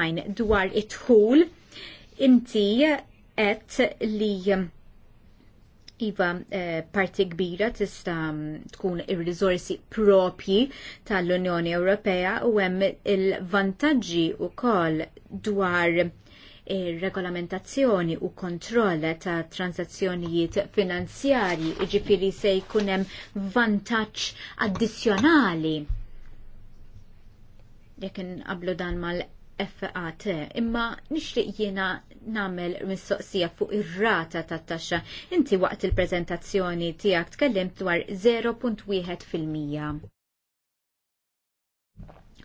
oħrajn dwar it-tħul inti qed li Iva, eh, parti kbira tista tkun ir-riżorsi propji tal-Unjoni Ewropea u hemm il-vantaġġi wkoll dwar regolamentazzjoni u kontroll ta' transazzjonijiet finanzjarji, iġifiri se jkun hemm vantaġġ addizzjonali. Jekk qablu dan mal FAT, imma nixtieq jiena nagħmel mistoqsija fuq ir-rata tat-taxxa. Inti waqt il-preżentazzjoni tiegħek tkellimt dwar 0.1 fil-mija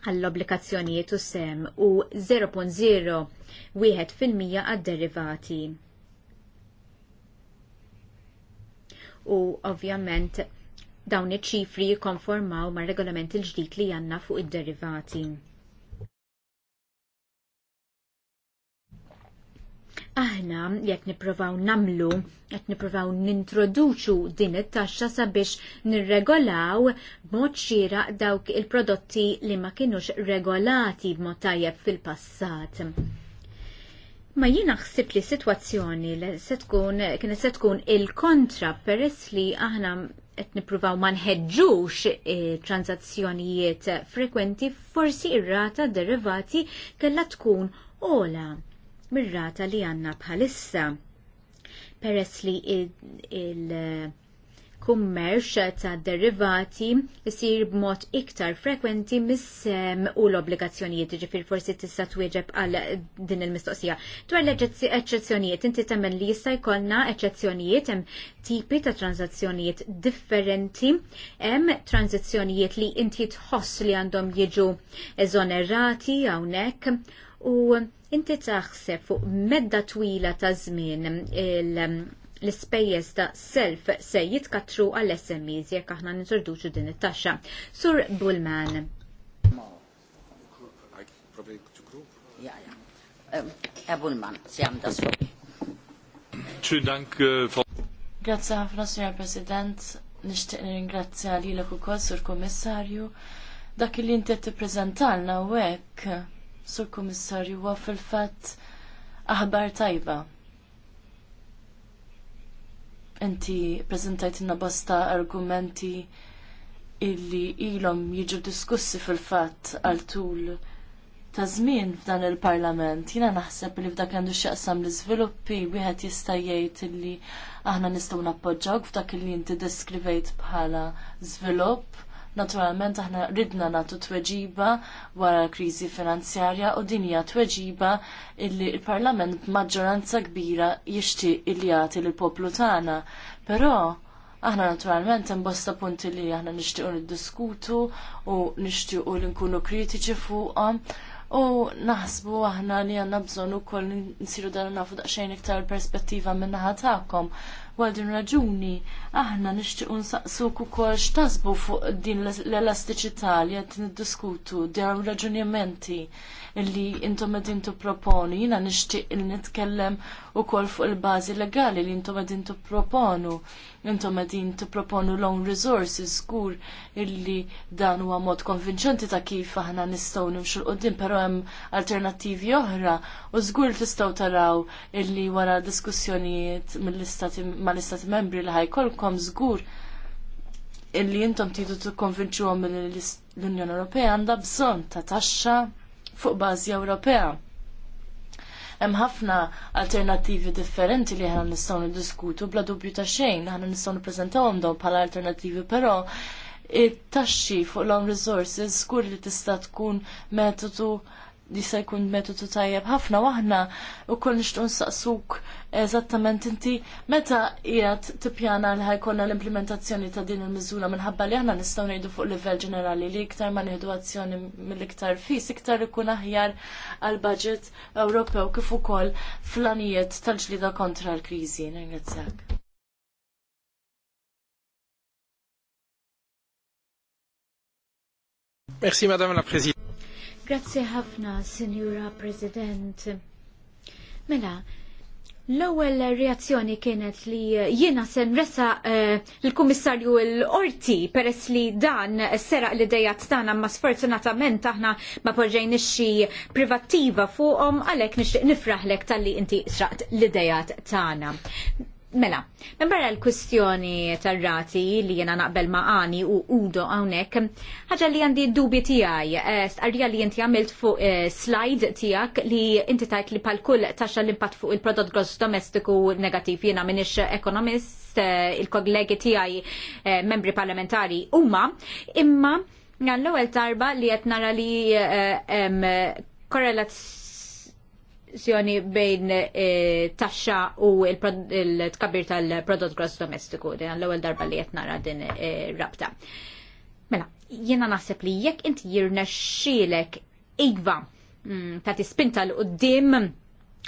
għall-obbligazzjonijiet u sem u 0.01 fil għad-derivati. U ovvjament dawn iċ-ċifri jikkonformaw mar regolament il-ġdid li għandna fuq id-derivati. aħna jekk nippruvaw namlu, jek nippruvaw nintroduċu din it-taxxa sabiex nirregolaw b'mod xira dawk il-prodotti li ma kienux regolati b'mod tajjeb fil-passat. Ma jiena ħsib li sitwazzjoni li se tkun kien se tkun il-kontra peress li aħna qed nippruvaw ma nħeġġux eh, transazzjonijiet frekwenti forsi ir-rata derivati kellha tkun ola mir-rata li għanna bħalissa. Peress li il- kummerċ ta' derivati jisir b'mod iktar frekwenti mis-sem u l-obbligazzjonijiet, ġifir forsi tista' twieġeb għal din il-mistoqsija. Dwar l-eċezzjonijiet, inti temmen li jista' jkollna eċezzjonijiet hemm tipi ta' tranzazzjonijiet differenti, hemm tranzazzjonijiet li inti tħoss li għandhom jiġu eżonerati hawnhekk u inti taħseb fuq medda twila ta' żmien l-ispejjeż ta' self se jitkatru għall smes jekk aħna nintroduċu din it-taxxa. Sur Bullman. Bullman, äh, Grazie ħafna, Signor President. Nishtiq ringrazzja li l-ekukol, Sur Kommissarju. Dak li inti t-prezentalna u Sur Kummissarju, huwa fil-fatt aħbar tajba. Inti preżentajt bosta argumenti illi ilhom jiġu diskussi fil-fatt għal tul ta' żmien f'dan il-Parlament. Jiena naħseb li f'dak għandu x'jaqsam l-iżviluppi wieħed jista' jgħid illi aħna nistgħu nappoġġawk f'dak li inti deskrivejt bħala żvilupp Naturalment aħna ridna nagħtu tweġiba wara l-kriżi finanzjarja u din hija tweġiba illi l-Parlament b'maġġoranza kbira jixtieq illi jagħti lill-poplu tagħna. Però aħna naturalment hemm bosta punti li aħna nixtiequ niddiskutu u nixtiequ li nkunu kritiċi fuqhom. U naħsbu aħna li għanna bżon u koll nsiru dan nafu daqxajn iktar perspettiva minna ħatakom għal din raġuni aħna nixtiequ nsaqsuk ukoll x'tasbu fuq din l-elastiċità li qed niddiskutu dawn raġunimenti li intom qegħdin proponu, Jiena nixtieq il nitkellem ukoll fuq il-bażi legali li intom qegħdin tipproponu intom qegħdin tipproponu l-own resources skur illi dan huwa mod konvinċenti ta' kif aħna nistgħu nimxu l qoddim però hemm alternattivi oħra u żgur tistgħu taraw illi wara diskussjonijiet mal-istati membri li ħajkolkom żgur illi intom tidu tikkonvinċuhom li l-Unjoni Ewropea għandha bżonn ta' taxxa fuq bażi Ewropea. Hemm ħafna alternattivi differenti li ħana nistgħu niddiskutu bla dubju ta' xejn, ħana nistgħu nippreżentawhom dawn bħala alternattivi, però it-taxxi fuq l-own resources skur li tista' tkun metodu se jkun metodu tajjeb ħafna waħna u koll nixtun saqsuk eżattament inti meta qiegħed tippjana li ħajkonna l-implementazzjoni ta' din il-miżura minħabba li aħna nistgħu ngħidu fuq livell ġenerali li iktar ma nieħdu azzjoni mill-iktar fis iktar ikun aħjar għal budget Ewropew kif ukoll flanijiet tal-ġlida kontra l-kriżi. Merci Madame la Présidente. Grazzi ħafna, Signora President. Mela, L-ewwel reazzjoni kienet li eh, jiena se nresa eh, l-Kummissarju l-Orti peress li dan seraq l dejjat tagħna ma sfortunatament aħna ma poġġejn xi privattiva fuqhom għalhekk nixtieq nifraħlek talli inti sraqt l-idejat tagħna. Mela, minn barra l-kwistjoni tar-rati li jena naqbel maqani u udo għawnek, ħagġa li għandi dubi tijaj, għarja eh, li jinti għamilt fuq eh, slide tijak li inti tajt li pal-kull taxa l-impat fuq il-prodott gross domestiku negativ jena minix ekonomist, eh, il-kollegi tijaj membri parlamentari umma, imma l ewel tarba li jett nara li korrelazzjoni relazzjoni bejn eh, taxxa u l-tkabbir tal-prodott gross domestiku, Din l-ewwel darba li qed nara din eh, rabta. Mela, jiena naħseb li jekk inti jirnexxielek iva mm, ta' tispinta l qudiem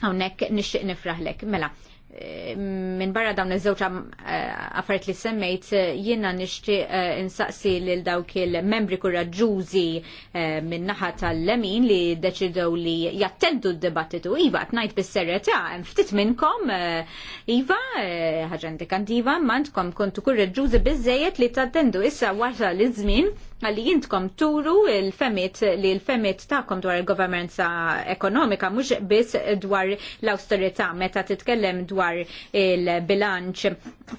hawnhekk nixtieq nifraħlek. Mela, minn barra dawn iż-żewġ eh, affarijiet li semmejt eh, jiena nixtieq eh, insaqsi lil dawk il-membri kuraġġużi minn naħa tal-lemin li deċidew li jattendu d-dibattitu. Iva, qed ngħid bis-serjetà, hemm ftit minnkom iva, ħaġa ma għandkom kontu kuraġġużi biżejjed li tattendu issa wasal iż-żmien għalli jintkom turu il-femit li l-femit ta'kom dwar il-governanza ekonomika mhux biss dwar l austerita meta titkellem dwar il-bilanċ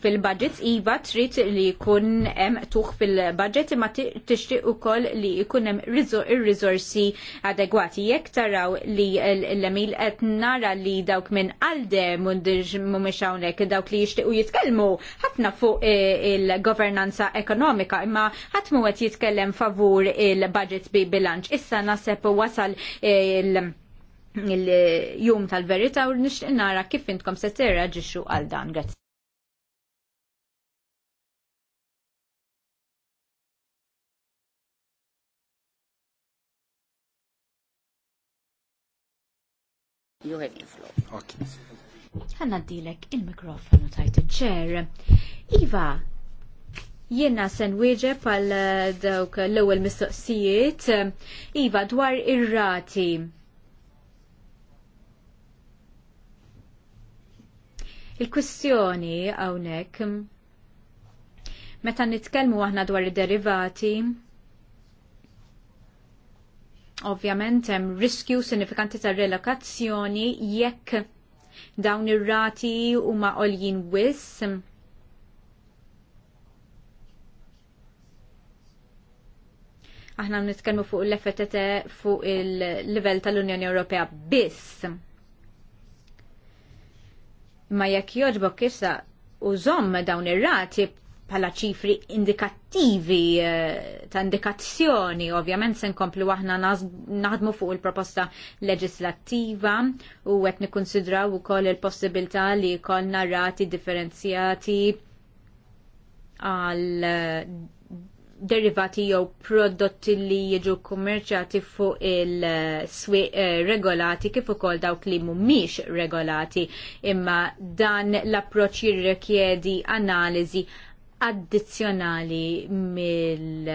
fil-budget iva trid li jkun hemm tuħ fil-budget imma tixtieq ukoll li jkun hemm ir-riżorsi adegwati. Jekk taraw li l-emil qed nara li dawk minn għalde mhumiex hawnhekk dawk li jixtiequ jitkellmu ħafna fuq eh, il-governanza ekonomika imma ħadd mhu qed jitkellem favur il-budget bi bilanċ. Issa naseb wasal eh, il- il-jum tal-verita u nixtieq nara kif intkom se tirraġixxu għal dan. You have the Għanna d dilek il-mikrofonu tajt ċer. Iva, Jiena sen wieġeb għal eh, dawk l ewwel mistoqsijiet. Iva, dwar ir-rati. Il-kwistjoni hawnhekk meta nitkellmu aħna dwar id-derivati, Ovvjament hemm riskju sinifikanti ta' relokazzjoni jekk dawn ir-rati huma għoljin wiss. Aħna nitkellmu fuq l-FTT fuq il-livell tal-Unjoni Ewropea biss. Ma jekk jogħġbok issa użomm dawn ir-rati pala ċifri indikattivi eh, ta' indikazzjoni, ovvjament se nkomplu aħna naħdmu fuq il-proposta leġislattiva u qed nikkonsidraw ukoll il-possibilità li jkollna narrati differenzjati għal eh, derivati jew prodotti li jiġu kummerċati fuq il-swieq eh, regolati kif ukoll dawk li mhumiex regolati imma dan l-approċċ jirrikjedi analiżi addizzjonali mm,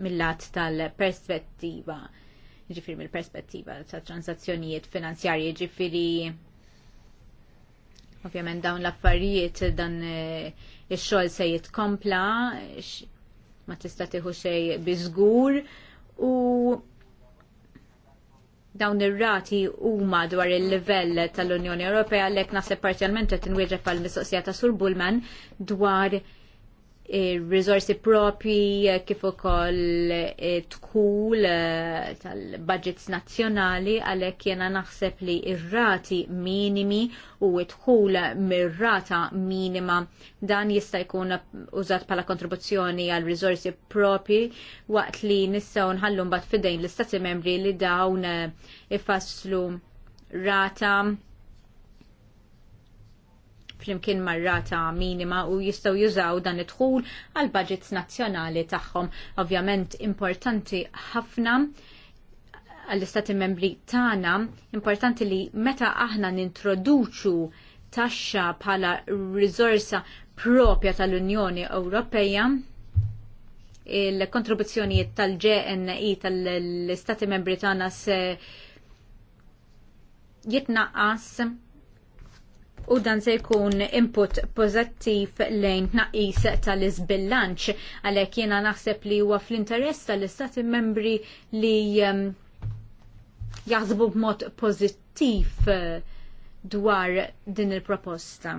mill-lat tal-perspettiva ġifiri mill-perspettiva ta' transazzjonijiet finanzjarji ġifiri ovvjament dawn l-affarijiet dan eh, ix-xogħol se jitkompla ma tista' tieħu xejn biżgur u dawn ir-rati huma dwar il-livell tal-Unjoni Ewropea għalhekk naħseb parzjalment qed inwieġeb għall mistoqsija ta' Sur Bullman dwar il-rizorsi propri kif ukoll eh, tkul eh, tal-budgets nazzjonali għalhekk jiena naħseb li r rati minimi u tkul mir-rata minima dan jista' jkun użat bħala kontribuzzjoni għal rizorsi propri waqt li nistgħu nħallu mbagħad fidejn l-istati membri li dawn eh, ifasslu rata flimkien marrata minima u jistgħu jużaw dan id-dħul għal budgets nazzjonali tagħhom. Ovvjament importanti ħafna għall-istati membri tagħna, importanti li meta aħna nintroduċu taxxa bħala riżorsa propja tal-Unjoni Ewropea, il-kontribuzzjonijiet tal-GNI tal-Istati Membri tagħna se jitnaqqas u dan se jkun input pożittiv lejn tnaqqis tal iżbilanċ għalhekk jiena naħseb li huwa fl-interess tal-istati membri li um, jaħsbu b'mod pożittiv uh, dwar din il-proposta.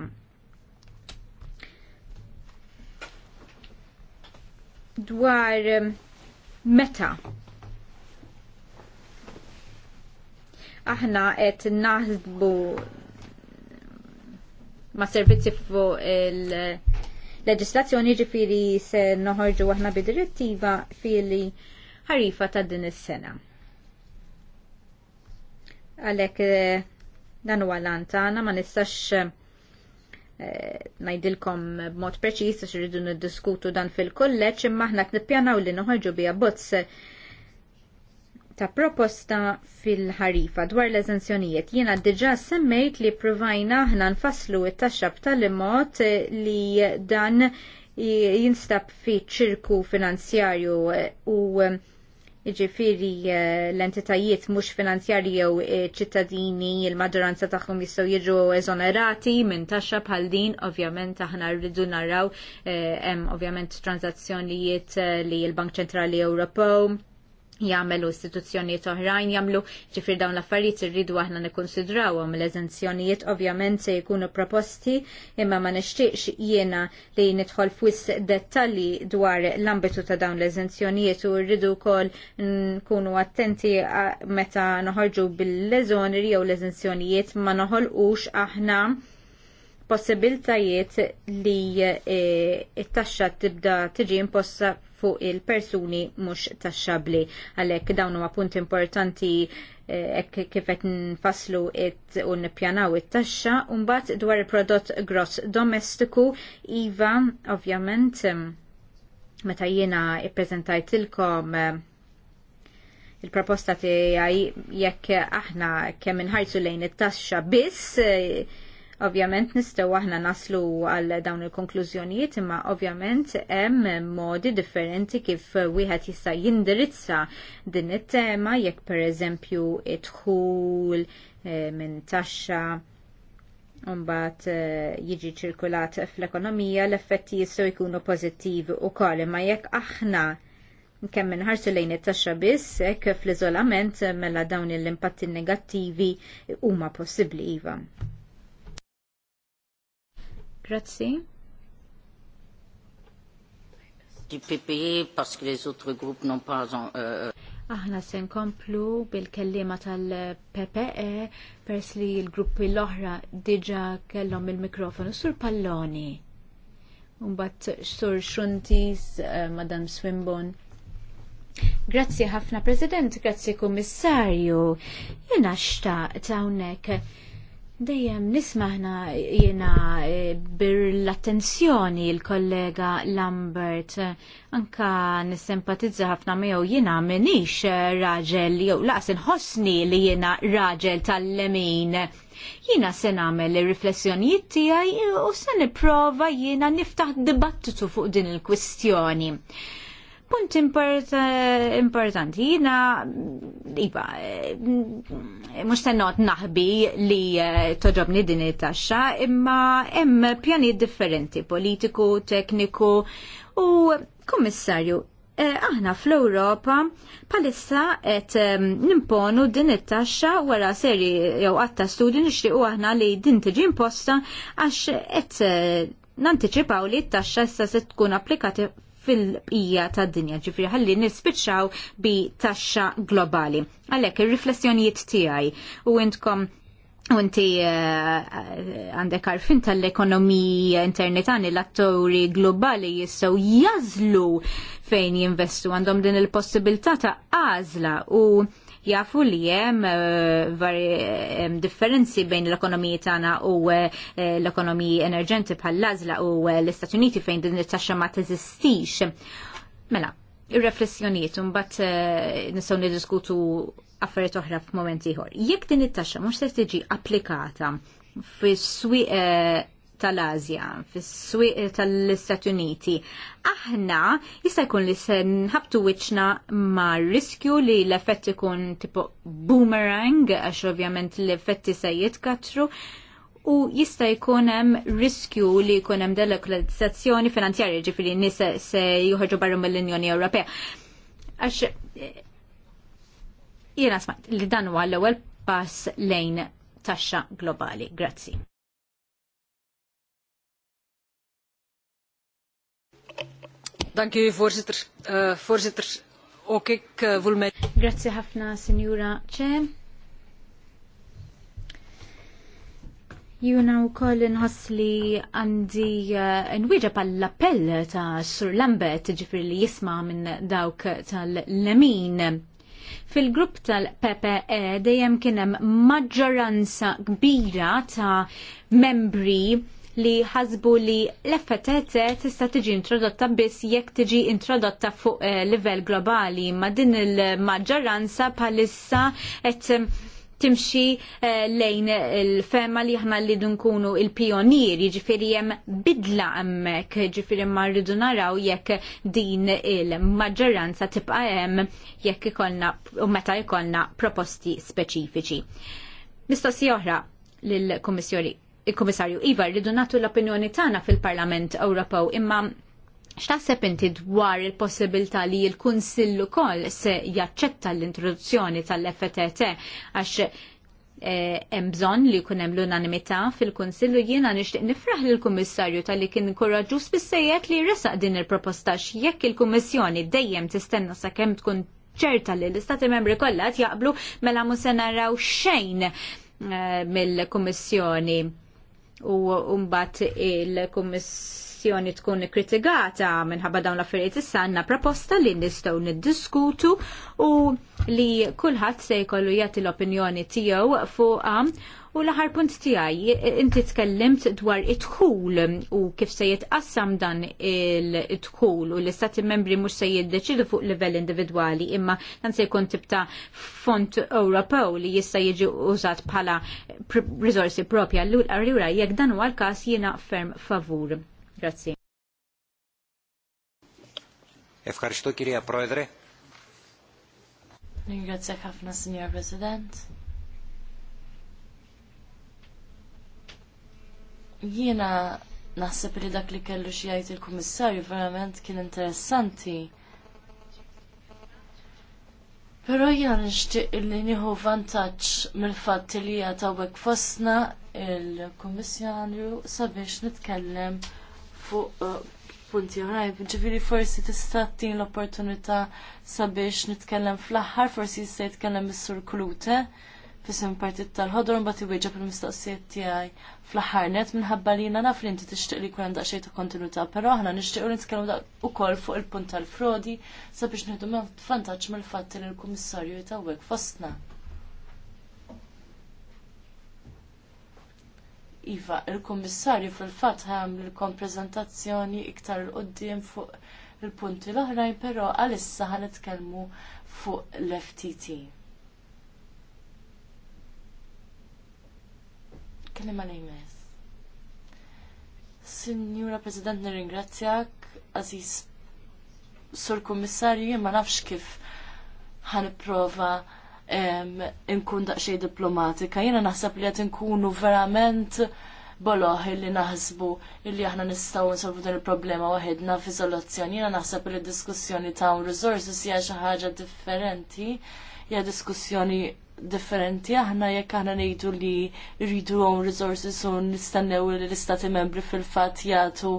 Dwar um, meta aħna qed naħsbu ma' servizzi fuq il-leġislazzjoni ġifiri se noħorġu għahna bid-direttiva fili ħarifa ta' din is-sena. Għalek eh, dan huwa lantana ma nistax eh, najdilkom b'mod preċis għax irridu niddiskutu dan fil-kolleġġ imma aħna nippjanaw li noħorġu bija bozz ta' proposta fil-ħarifa dwar l-eżenzjonijiet. Jiena diġa semmejt li provajna ħna nfasslu it-taxxab tal-imot li dan jinstab fi ċirku finanzjarju u ġifiri l-entitajiet mhux finanzjarji jew ċittadini il-maġġoranza tagħhom jistgħu jiġu eżonerati minn taxxa bħal din ovvjament aħna rridu naraw eh, hemm ovvjament tranzazzjonijiet eh, li l-Bank Ċentrali Ewropew jagħmlu istituzzjonijiet oħrajn jagħmlu ġifir dawn l-affarijiet irridu aħna nikkonsidrawhom l-eżenzjonijiet ovvjament se jkunu proposti imma ma nixtieqx jiena li nidħol fwis dettalji dwar l-ambitu ta' dawn l-eżenzjonijiet u rridu wkoll nkunu attenti meta noħorġu bil leżoni jew l-eżenzjonijiet ma noħolqux aħna possibiltajiet li eh, it-taxxa tibda tiġi imposta fuq il-persuni mhux taxxabli. Għalhekk dawn huma punt importanti hekk eh, kif qed nfasslu u nippjanaw it-taxxa u mbagħad dwar il-prodott gross domestiku iva ovvjament meta jiena ippreżentajtilkom il-proposta tiegħi jekk aħna kemm inħarsu lejn it-taxxa biss eh, Ovvjament nistgħu aħna naslu għal dawn il-konklużjonijiet imma ovvjament hemm modi differenti kif wieħed jista' jindirizza din it-tema jekk pereżempju idħul eh, minn taxxa Umbat eh, jiġi ċirkulat fl-ekonomija l-effetti jistgħu jkunu pożittivi wkoll imma jekk aħna kemm minħarsu lejn it-taxxa biss hekk fl-iżolament mela dawn l-impatti negattivi huma possibbli iva. Grazzi. Du PPE parce que les autres groupes n'ont pas euh, Aħna se nkomplu bil-kellima tal-PPE pers li l-gruppi l-oħra diġa kellhom il-mikrofonu sur palloni. Unbat sur xuntis, eh, Madam Swimbon. Grazzi ħafna President, grazzi Komissarju. Jena ta' hawnhekk Dejjem nismaħna jiena e, bir-attenzjoni l-kollega Lambert anka nissempatizza ħafna miegħu jiena minix raġel jew laqs inħossni li jiena raġel tal-lemin. Jiena se nagħmel ir-riflessjonijiet tiegħi u se nipprova jiena niftaħ dibattitu fuq din il-kwistjoni. Punt importanti, jina, iba, eh, mux tennot naħbi li eh, toġobni din it-taxxa, imma hemm pjani differenti, politiku, tekniku u kommissarju. Eh, aħna fl-Europa palissa et nimponu din it-taxxa wara seri jew għatta studju nixtiequ aħna li din tiġi imposta għax et eh, nanticipaw li t-taxxa issa se tkun applikati fil-bqija tad dinja ġifri ħalli nispiċċaw bi taxxa globali. Għalhekk ir-riflessjonijiet tiegħi u intkom inti eh, għandek uh, għarfin tal-ekonomija internetani l-attori globali jissaw jazlu fejn jinvestu għandhom din il-possibilità ta' għazla u jafu li eh, hemm differenzi bejn l-ekonomiji tagħna u eh, l-ekonomiji enerġenti bħall lazla u eh, l-Istati Uniti fejn din it-taxxa ma teżistix. Mela, ir-reflessjonijiet mbagħad nistgħu niddiskutu affarijiet oħra f'mument ieħor. Jekk din it-taxxa mhux se tiġi applikata fis-swieq tal-Azja, fis-swieq eh, tal-Istati Uniti. Aħna jista' jkun li se nħabtu wiċċna ma' riskju li l-effett ikun tipo boomerang għax ovvjament l-effetti se jitkatru u jista' jkun hemm riskju li jkun hemm delokalizzazzjoni finanzjarja ġifieri nies se joħorġu barra mill-Unjoni Ewropea. Għax eh, jiena smajt li dan huwa l-ewwel pass lejn taxxa globali. Grazzi. Dank u, Uh, uh, Grazie ħafna, signora Che. Juna u koll nħoss li għandi eh, nwiġa pal-appell ta' Sur Lambert ġifri li jisma minn dawk tal-lemin. Fil-grupp tal-PPE dejjem kienem maġġoranza kbira ta' membri li ħasbu li l-FTT tista' tiġi introdotta biss jekk tiġi introdotta fuq eh, livell globali ma din il-maġġoranza bħalissa qed eh, timxi eh, lejn il-fema li ħna li dunkunu il-pionier, ġifiri jem bidla għammek, ġifiri ma rridu naraw jekk din il-maġġoranza tibqa jem jekk ikolna u meta ikolna proposti speċifiċi. Mistoqsi oħra lill-Kummissjoni il-Komissarju Iva, rridu nagħtu l-opinjoni tagħna fil-Parlament Ewropew imma x'taħseb inti dwar il-possibilità li l-Kunsill ukoll se jaċċetta l-introduzzjoni tal-FTT għax eh, hemm bżonn li jkun hemm l-unanimità fil-Kunsill u jiena nixtieq nifraħ lill kummissarju talli kien inkoraġġuż bissejjed li resaq din il-proposta x'jekk il-Kummissjoni dejjem tistenna sakemm tkun ċerta li l-Istati Membri kollha jaqblu mela mhu se naraw xejn eh, mill-Kummissjoni u mbagħad il-Kummissjoni kwestjoni tkun kritikata minħabba dawn l-affarijiet issa għandna proposta li nistgħu niddiskutu u li kulħadd se jkollu jagħti l-opinjoni tiegħu fuqha u l-aħar punt tiegħi inti tkellimt dwar it-tħul u kif se jitqassam dan it tħul u l-istati membri mhux se jiddeċidu fuq livell individwali imma dan se jkun tibta font Ewropew li jista' jiġi użat bħala risorsi propja l-għarriura jekk dan huwa l-każ jiena ferm favur Grazzi. Efkarxtu kirja proedre. ħafna, Signor President. Jiena naħseb li dak li kellu xi jgħid il-Kummissarju verament kien interessanti. Però jiena nixtieq li nieħu vantaġġ mill-fatt li hija tawwek fostna il-Kummissarju sabiex nitkellem fuq eh, punti oħrajn. Ġifiri forsi tista' tin l-opportunità sabiex nitkellem fl-aħħar, forsi jista' jitkellem is-sur Klute fisem partit tal-ħodor mbagħad iwieġeb il-mistoqsijiet tiegħi fl-aħħar net minħabba li jiena naf li inti tixtieq li jkun hemm daqsxejn ta' kontinuità, però aħna nixtiequ nitkellmu ukoll fuq il-punt tal-frodi sabiex nieħdu vantaġġ mill-fatt li l-Kummissarju jitawwek fostna. Iva, il-Kummissarju fil-fatt ħamlilkom kompreżentazzjoni iktar qudiem fuq il-punti l-oħrajn, però għalissa ħanitkellmu fuq l-FTT. Kellim għal jmess. Signora President, nirringrazzjak, Aziz Sur Kummissarju, jien ma nafx kif ħaniprofa prova nkun daqxej diplomatika. Jena naħseb li għet nkunu verament boloħ li naħsbu li aħna nistgħu nsolvu din il-problema waħedna f'iżolazzjoni. Jiena naħseb li diskussjoni ta' un resources hija xi ħaġa differenti, hija diskussjoni differenti aħna jekk aħna ngħidu li rridu hawn resources u nistennew li l-istati membri fil-fatt jagħtu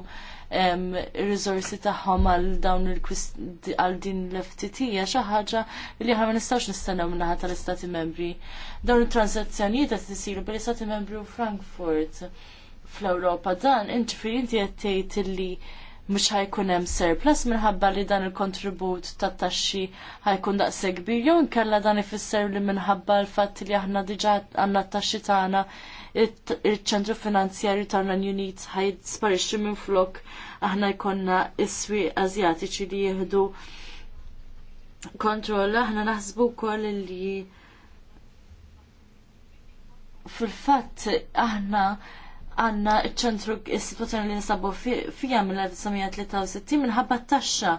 il-rizorsi tagħhom għal dawn għal din l-FTT hija xi ħaġa li aħna ma nistgħux nistennew minnaħa tal-Istati Membri. Dawn it-transazzjonijiet qed isiru bil-Istati Membri u Frankfurt fl-Ewropa dan inti qed tgħid li mhux ħajkun hemm surplus minħabba li dan il-kontribut tat-taxxi ħajkun daqs kbir jew inkella dan ifisser li minħabba l-fatt li aħna diġà għandna t-taxxi tagħna il-ċentru finanzjarju tal-Unit ħajd sparixxi minn flok aħna jkollna iswi Azjatiċi li jieħdu kontroll aħna naħsbu wkoll li fil-fatt aħna għanna ċentru istituzjoni li nisabu fija mill-1963 minħabba t taxxa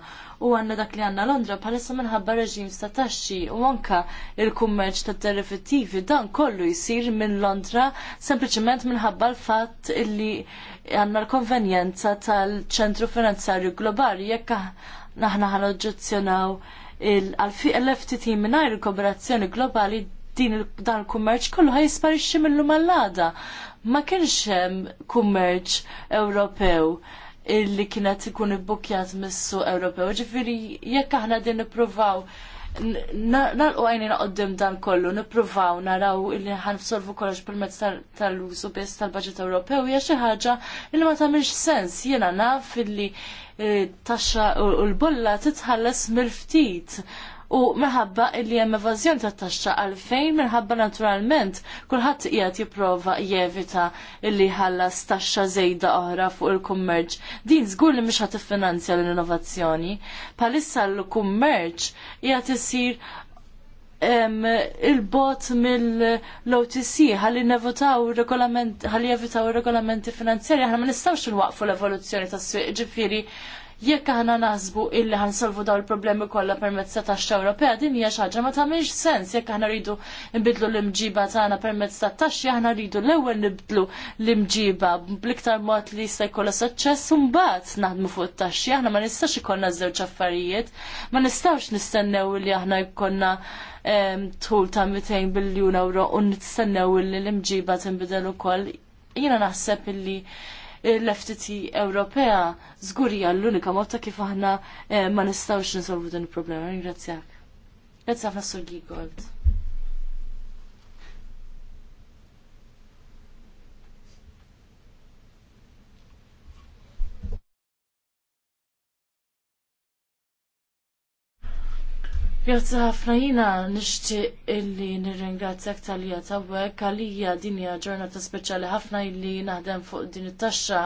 u għanna dak li għanna Londra bħalissa minħabba reġim ta' taxxi u anka il-kummerċ ta' derivativi dan kollu jisir minn Londra sempliciment minħabba l-fatt li għanna l-konvenjenza tal-ċentru finanzarju globali jekk naħna ħan oġġezzjonaw l-FTT minnajr il-kooperazzjoni globali din dan il-kummerċ kollu ħaj jisparixxi mill-lum ma kienx hemm kummerċ Ewropew illi kienet ikun mis missu Ewropew. Ġifiri, jekk aħna din nippruvaw nalqu għajni naqoddim dan kollu, nippruvaw naraw illi solvu kollox permezz tal-użu biss tal-Baġit Ewropew hija xi ħaġa illi ma tagħmilx sens. Jiena naf illi eh, taxxa u l-bolla titħalles mill-ftit u minħabba li hemm evażjoni ta' taxxa għalfejn minħabba naturalment kulħadd qiegħed jipprova jevita li ħallas taxxa żejda oħra fuq il-kummerċ. Din żgur li mxħat ħadd tiffinanzja l-innovazzjoni. Palissa l-kummerċ jgħat jisir il-bot mill-OTC ħalli nevotaw regolamenti ħalli jevitaw regolamenti finanzjari għalli ma nistawx nwaqfu l-evoluzzjoni tas-swieq ġifieri jekk aħna naħsbu illi solvu daw il-problemi kollha permezz ta' taxxa Ewropea din hija xi ħaġa ma tagħmilx sens jekk aħna rridu nbidlu l-imġiba tagħna permezz ta' taxxi aħna rridu l-ewwel nibdlu l-imġiba bl-iktar mod li jista' jkollha suċċess u mbagħad naħdmu fuq it-taxxi aħna ma nistax ikollna żewġ affarijiet, ma nistax nistennew li aħna jkollna ehm, tħul ta' 200 biljun euro u nistennew li l-imġiba tinbidel ukoll. Jiena naħseb illi l-FTT Ewropea żgurija l-unika motta kif aħna eh, ma nistgħux nisolvu din il-problema. Ringrazzjak. Grazzi s-sorgi Gigold. Grazzi ħafna jina nixtieq illi nirringrazzjak tal-li tawwek għalija din hija ġurnata speċjali ħafna illi naħdem fuq din it-taxxa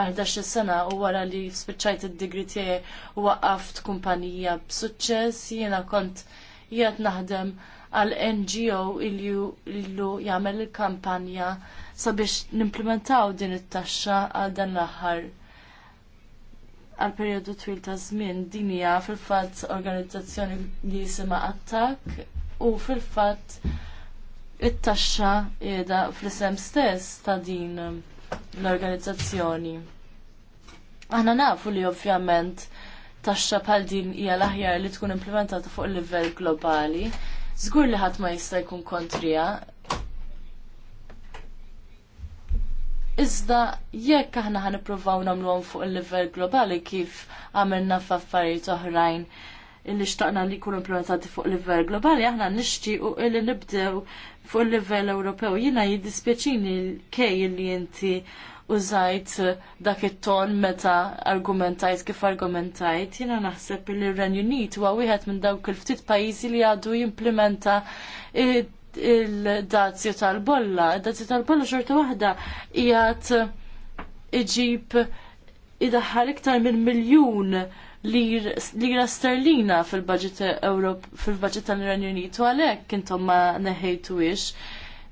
għal 11 sena u wara li spiċċajt id-digri tiegħi u waqqaft kumpanija b'suċċess jiena kont qiegħed naħdem għal NGO illu jagħmel il-kampanja sabiex nimplementaw din it-taxxa għal dan l-aħħar għal periodu twil ta' żmien din hija fil-fatt organizzazzjoni li jisimha attak u fil-fatt it-taxxa qiegħda fl-isem stess ta' din l-organizzazzjoni. Aħna nafu li ovvjament taxxa bħal din hija l-aħjar li tkun implementata fuq il livell globali. Żgur li ħadd ma jista' jkun kontrija, Iżda jekk aħna ħan nipprovaw nagħmluhom fuq il-livell globali kif għamilna f'affarijiet oħrajn illi xtaqna li jkunu implementati fuq livell globali, aħna nixtiequ illi nibdew fuq il-livell Ewropew. Jiena jiddispjaċini kej li inti użajt dak it-ton meta argumentajt kif argumentajt, jiena naħseb li r-Renju Unit huwa wieħed minn dawk il-ftit pajjiżi li għadu jimplementa il-dazju tal-bolla. Dazju tal-bolla xorta waħda jgħat iġib id-daħħal iktar minn miljun lira sterlina fil-budget tal renju Unitu għalhekk intom ma neħejtu iġ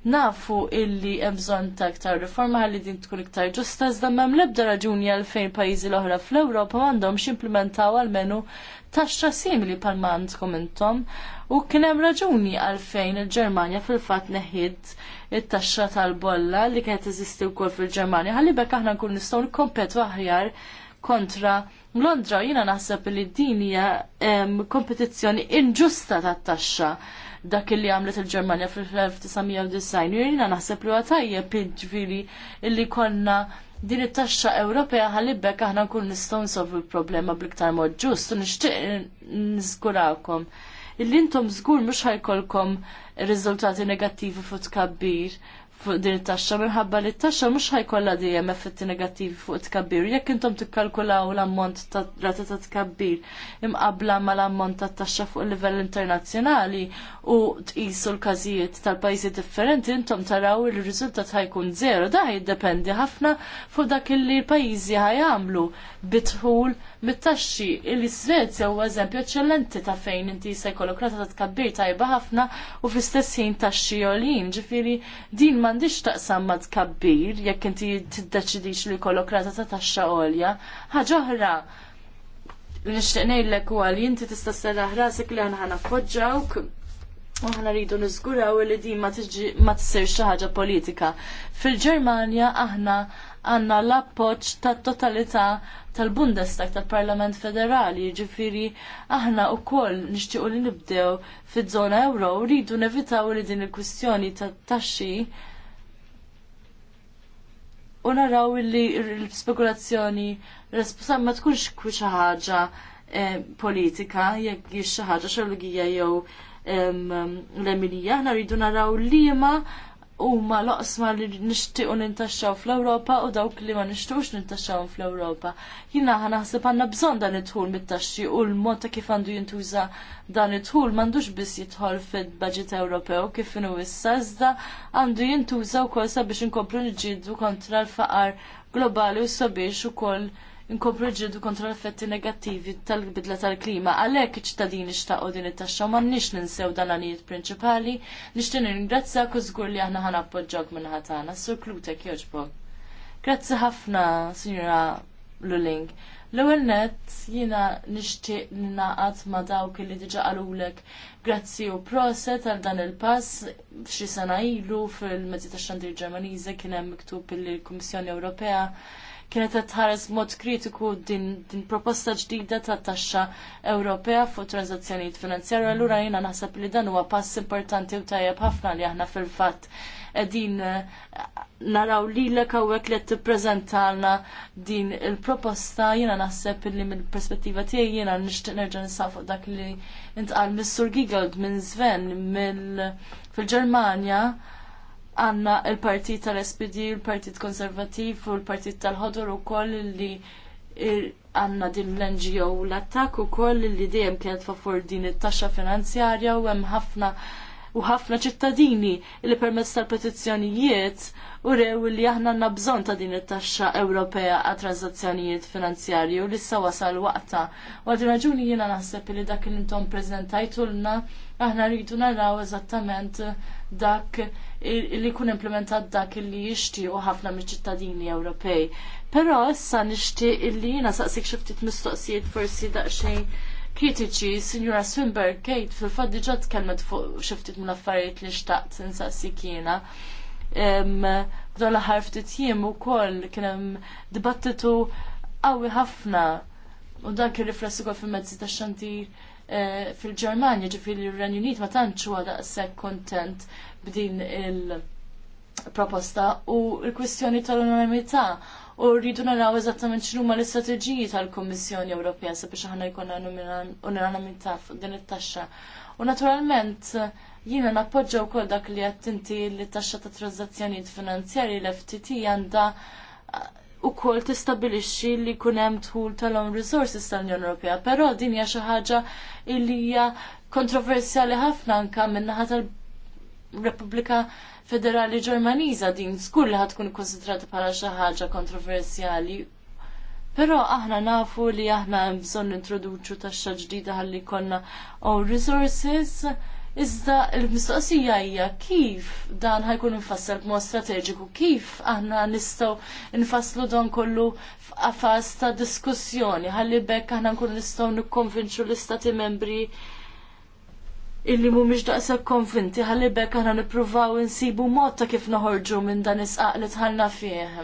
nafu illi hemm bżonn ta' iktar riforma ħalli din tkun iktar ġusta iżda m'hemm l-ebda raġuni għalfejn pajjiżi l-oħra fl-Ewropa m'għandhomx implementaw għalmenu taxxa simili pal għandkom intom u kien hemm raġuni għalfejn il-Ġermanja fil-fatt neħid it-taxxa tal-bolla li kienet eżisti wkoll fil-Ġermanja ħalli bekk aħna nkun nistgħu nikkompetu aħjar kontra Londra jiena naħseb li din hija kompetizzjoni inġusta tat-taxxa dak li għamlet il-Ġermanja fil-1990. Jirina naħseb li għatajja pidġviri illi konna din it-taxxa Ewropea ħallibbek aħna nkun nistgħu nsolvu l-problema bl-iktar mod ġust u nixtieq niżgurawkom illi intom żgur mhux ħajkolkom riżultati negattivi fuq tkabbir fuq din it-taxxa minħabba li t-taxxa mhux ħajkollha dejjem effetti negattivi fuq tkabbir. Jekk intom tikkalkulaw l-ammont ta' rata ta' tkabbir imqabla ma l-ammont ta' taxxa fuq livell internazzjonali u tqisu l-każijiet tal-pajjiżi differenti intom taraw li riżultat riżultat ħajkun zero. Da jiddependi ħafna fuq dak li l-pajjiżi ħajamlu bitħul mit-taxxi l-Iżvezja huwa eżempju eċċellenti ta' fejn inti se jkollok rata ta' tkabbir tajba ħafna u fl-istess ħin taxxi għolin. Ġifieri din m'għandix taqsam ma' tkabbir jekk inti tiddeċidix li jkollok rata ta' taxxa għolja. Ħaġa oħra nixtieq ngħidlek huwa li inti tista' serraħ rasek li aħna ħanappoġġawk Aħna rridu niżguraw li din ma tisir xi ħaġa politika. Fil-Ġermanja aħna għandna l-appoġġ tat-totalità tal-Bundestag tal-Parlament Federali, ġifiri aħna wkoll nixtiequ li nibdew fiż-żona Ewro rridu nevitaw li din il-kwistjoni tat-taxxi u naraw li l-spekulazzjoni responsabbli ma tkunx xi ħaġa eh, politika, jekk xi ħaġa xogħol jew l-emilija, aħna rridu naraw liema huma loqsma li nixtiequ nintaxxaw fl-Ewropa u dawk li ma nixtiequx nintaxxaw fl-Ewropa. Jina ħana naħseb għandna bżonn dan it-tħul mit-taxxi u l-mod ta' kif għandu jintuża dan it-tħul m'għandux biss jidħol fil-Baġit Ewropew kif inhu s iżda għandu jintuża wkoll sabiex inkomplu niġġieldu kontra l-faqar globali u sabiex ukoll inkopru ġidu kontra l-effetti negattivi tal-bidla tal-klima. Għalhekk iċ-ċittadini xtaqgħu din it-taxxa ma nix ninsew dan prinċipali, nixtieq ningrazzjak u żgur li aħna ħan appoġġjak minn ħatana. Sur Klutek jogħġbok. Grazzi ħafna, Sinjura Luling. L-ewwel nett jiena nixtieq ninaqat ma dawk li diġà qalulek grazzi u proset għal dan il-pass f'xi sena ilu fil-Mezzi tax-Xandir Ġermaniża kien hemm miktub lill kummissjoni Ewropea kienet qed tħares mod kritiku din, din proposta ġdida ta' taxxa Ewropea fuq transazzjonijiet finanzjarju allura jiena naħseb li dan huwa pass importanti u tajjeb ħafna li aħna fil-fatt qegħdin eh, naraw lilek hawnhekk li qed tippreżentalna din il-proposta jiena naħseb li mill-perspettiva tiegħi jiena nixtieq nerġa' nisaq fuq dak li intqal mis-Sur Giggled minn Sven mill fil-Ġermanja għanna il-partit tal-SPD, il-partit konservativ u l-partit tal-ħodur u koll li għanna din l-NGO l-attak u koll li dejjem kienet favor din it-taxxa finanzjarja u hemm ħafna u ħafna ċittadini li permezz tal-petizzjonijiet u rew li aħna għandna bżonn ta' din it-taxxa Ewropea għat transazzjonijiet finanzjarji u li s wasal waqta. U għadin raġuni jiena naħseb li dak li intom prezentajtulna aħna rridu naraw eżattament dak li jkun implementat dak li jixtiequ ħafna mi ċittadini Ewropej. Però issa nixtieq illi jiena saqsik xi ftit mistoqsijiet forsi daqsxejn kritiċi, Signora Swinberg, Kate, fil-fat diġa tkellmet fuq xiftit minn affarijiet li xtaqt insaqsi kiena. F'dan l ftit jiem ukoll kien hemm dibattitu qawwi ħafna u dan kien riflessu ukoll fil-mezzi tax-xandir eh, fil-Ġermanja ġifiri r-Renju Unit ma tantx huwa daqshekk kontent b'din il-proposta u l-kwistjoni tal-unanimità u rridu naraw eżattament x'inhu ma l-istrateġiji tal-Kummissjoni Ewropea sabiex aħna jkollna unanimità fuq din it-taxxa. U naturalment jiena nappoġġa wkoll dak li qed inti li t-taxxa ta' tranzazzjonijiet finanzjarji l-FTT għandha uh, ukoll tistabilixxi li jkun hemm tħul tal-own resources tal-Unjoni Ewropea, però din hija xi ħaġa li hija kontroversjali ħafna anke min-naħa tal Repubblika Federali Ġermaniża din żgur li ħadd tkun ikkonsidrata bħala xi ħaġa kontroversjali. Però aħna nafu li aħna hemm bżonn introduċu taxxa ġdida ħalli jkollna own resources. Iżda l-mistoqsija hija kif dan ħajkun infassal b'mod strateġiku, kif aħna nistgħu nfasslu dan kollu f'qafas ta' diskussjoni, ħalli bekk aħna nkunu nistgħu nikkonvinċu l-istati membri illi mhumiex daqshekk konvinti ħalli bekk aħna nippruvaw insibu mod ta' kif noħorġu minn dan is saq li tħallna fih.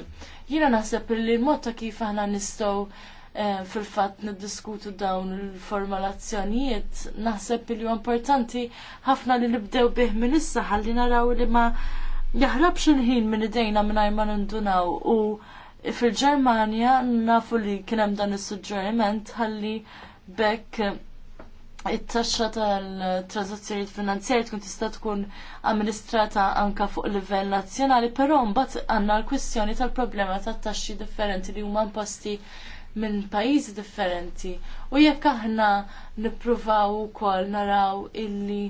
Jiena naħseb illi mod ta' kif aħna nistgħu eh, fil-fatt niddiskutu dawn il-formalazzjonijiet, naħseb illi huwa importanti ħafna li nibdew bih minn issa ħalli naraw li ma jaħrabx il-ħin minn idejna mingħajr ma nindunaw u fil-Ġermanja nafu li kien hemm dan is-suġġeriment ħalli bekk it-taxxa tal-transazzjonijiet finanzjarji tkun tista' tkun amministrata anke fuq livell nazzjonali, però mbagħad għandna l-kwistjoni tal-problema tat-taxxi differenti li huma imposti minn pajjiżi differenti. U jekk aħna nippruvaw ukoll naraw illi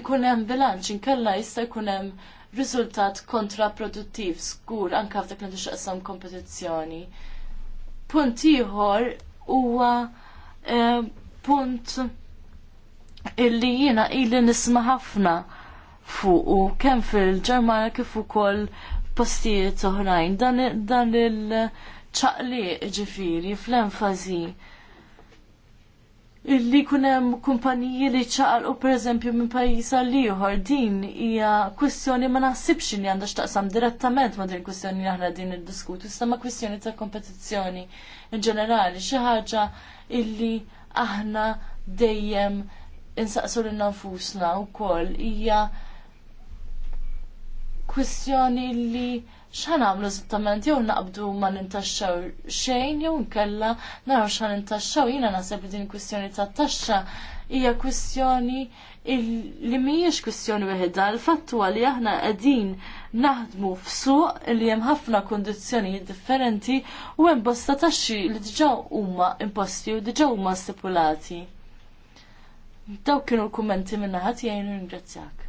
ikun hemm bilanċ inkella jista' jkun hemm riżultat kontraproduttiv skur anke f'dak li tixqasam kompetizzjoni. Punt ieħor huwa Eh, punt illi jiena illi nisma ħafna fuqu kemm fil ġermana kif ukoll postijiet oħrajn dan il-ċaqliq ġifiri fl-enfazi illi kunem kumpaniji li ċaqalqu per eżempju minn pajjiż għal ieħor din hija kwistjoni ma naħsibx li għandha x'taqsam direttament ma din kwistjoni li aħna din id-diskutu, issa ma kwistjoni ta' kompetizzjoni in ġenerali xi ħaġa illi aħna dejjem insaqsu l nafusna u koll hija kwistjoni li xan għamlu zittament jew naqbdu ma nintaxxaw xejn jew nkella naraw xan nintaxxaw jiena naħseb li din kwistjoni ta' taxxa hija kwistjoni li mhijiex kwestjoni weħda l-fattu li aħna qegħdin naħdmu f'suq li hemm ħafna kondizzjonijiet differenti u hemm bosta taxxi li diġà huma imposti u diġà huma stipulati. Daw kienu l-kummenti minna ħadd jgħinu ringrazzjak.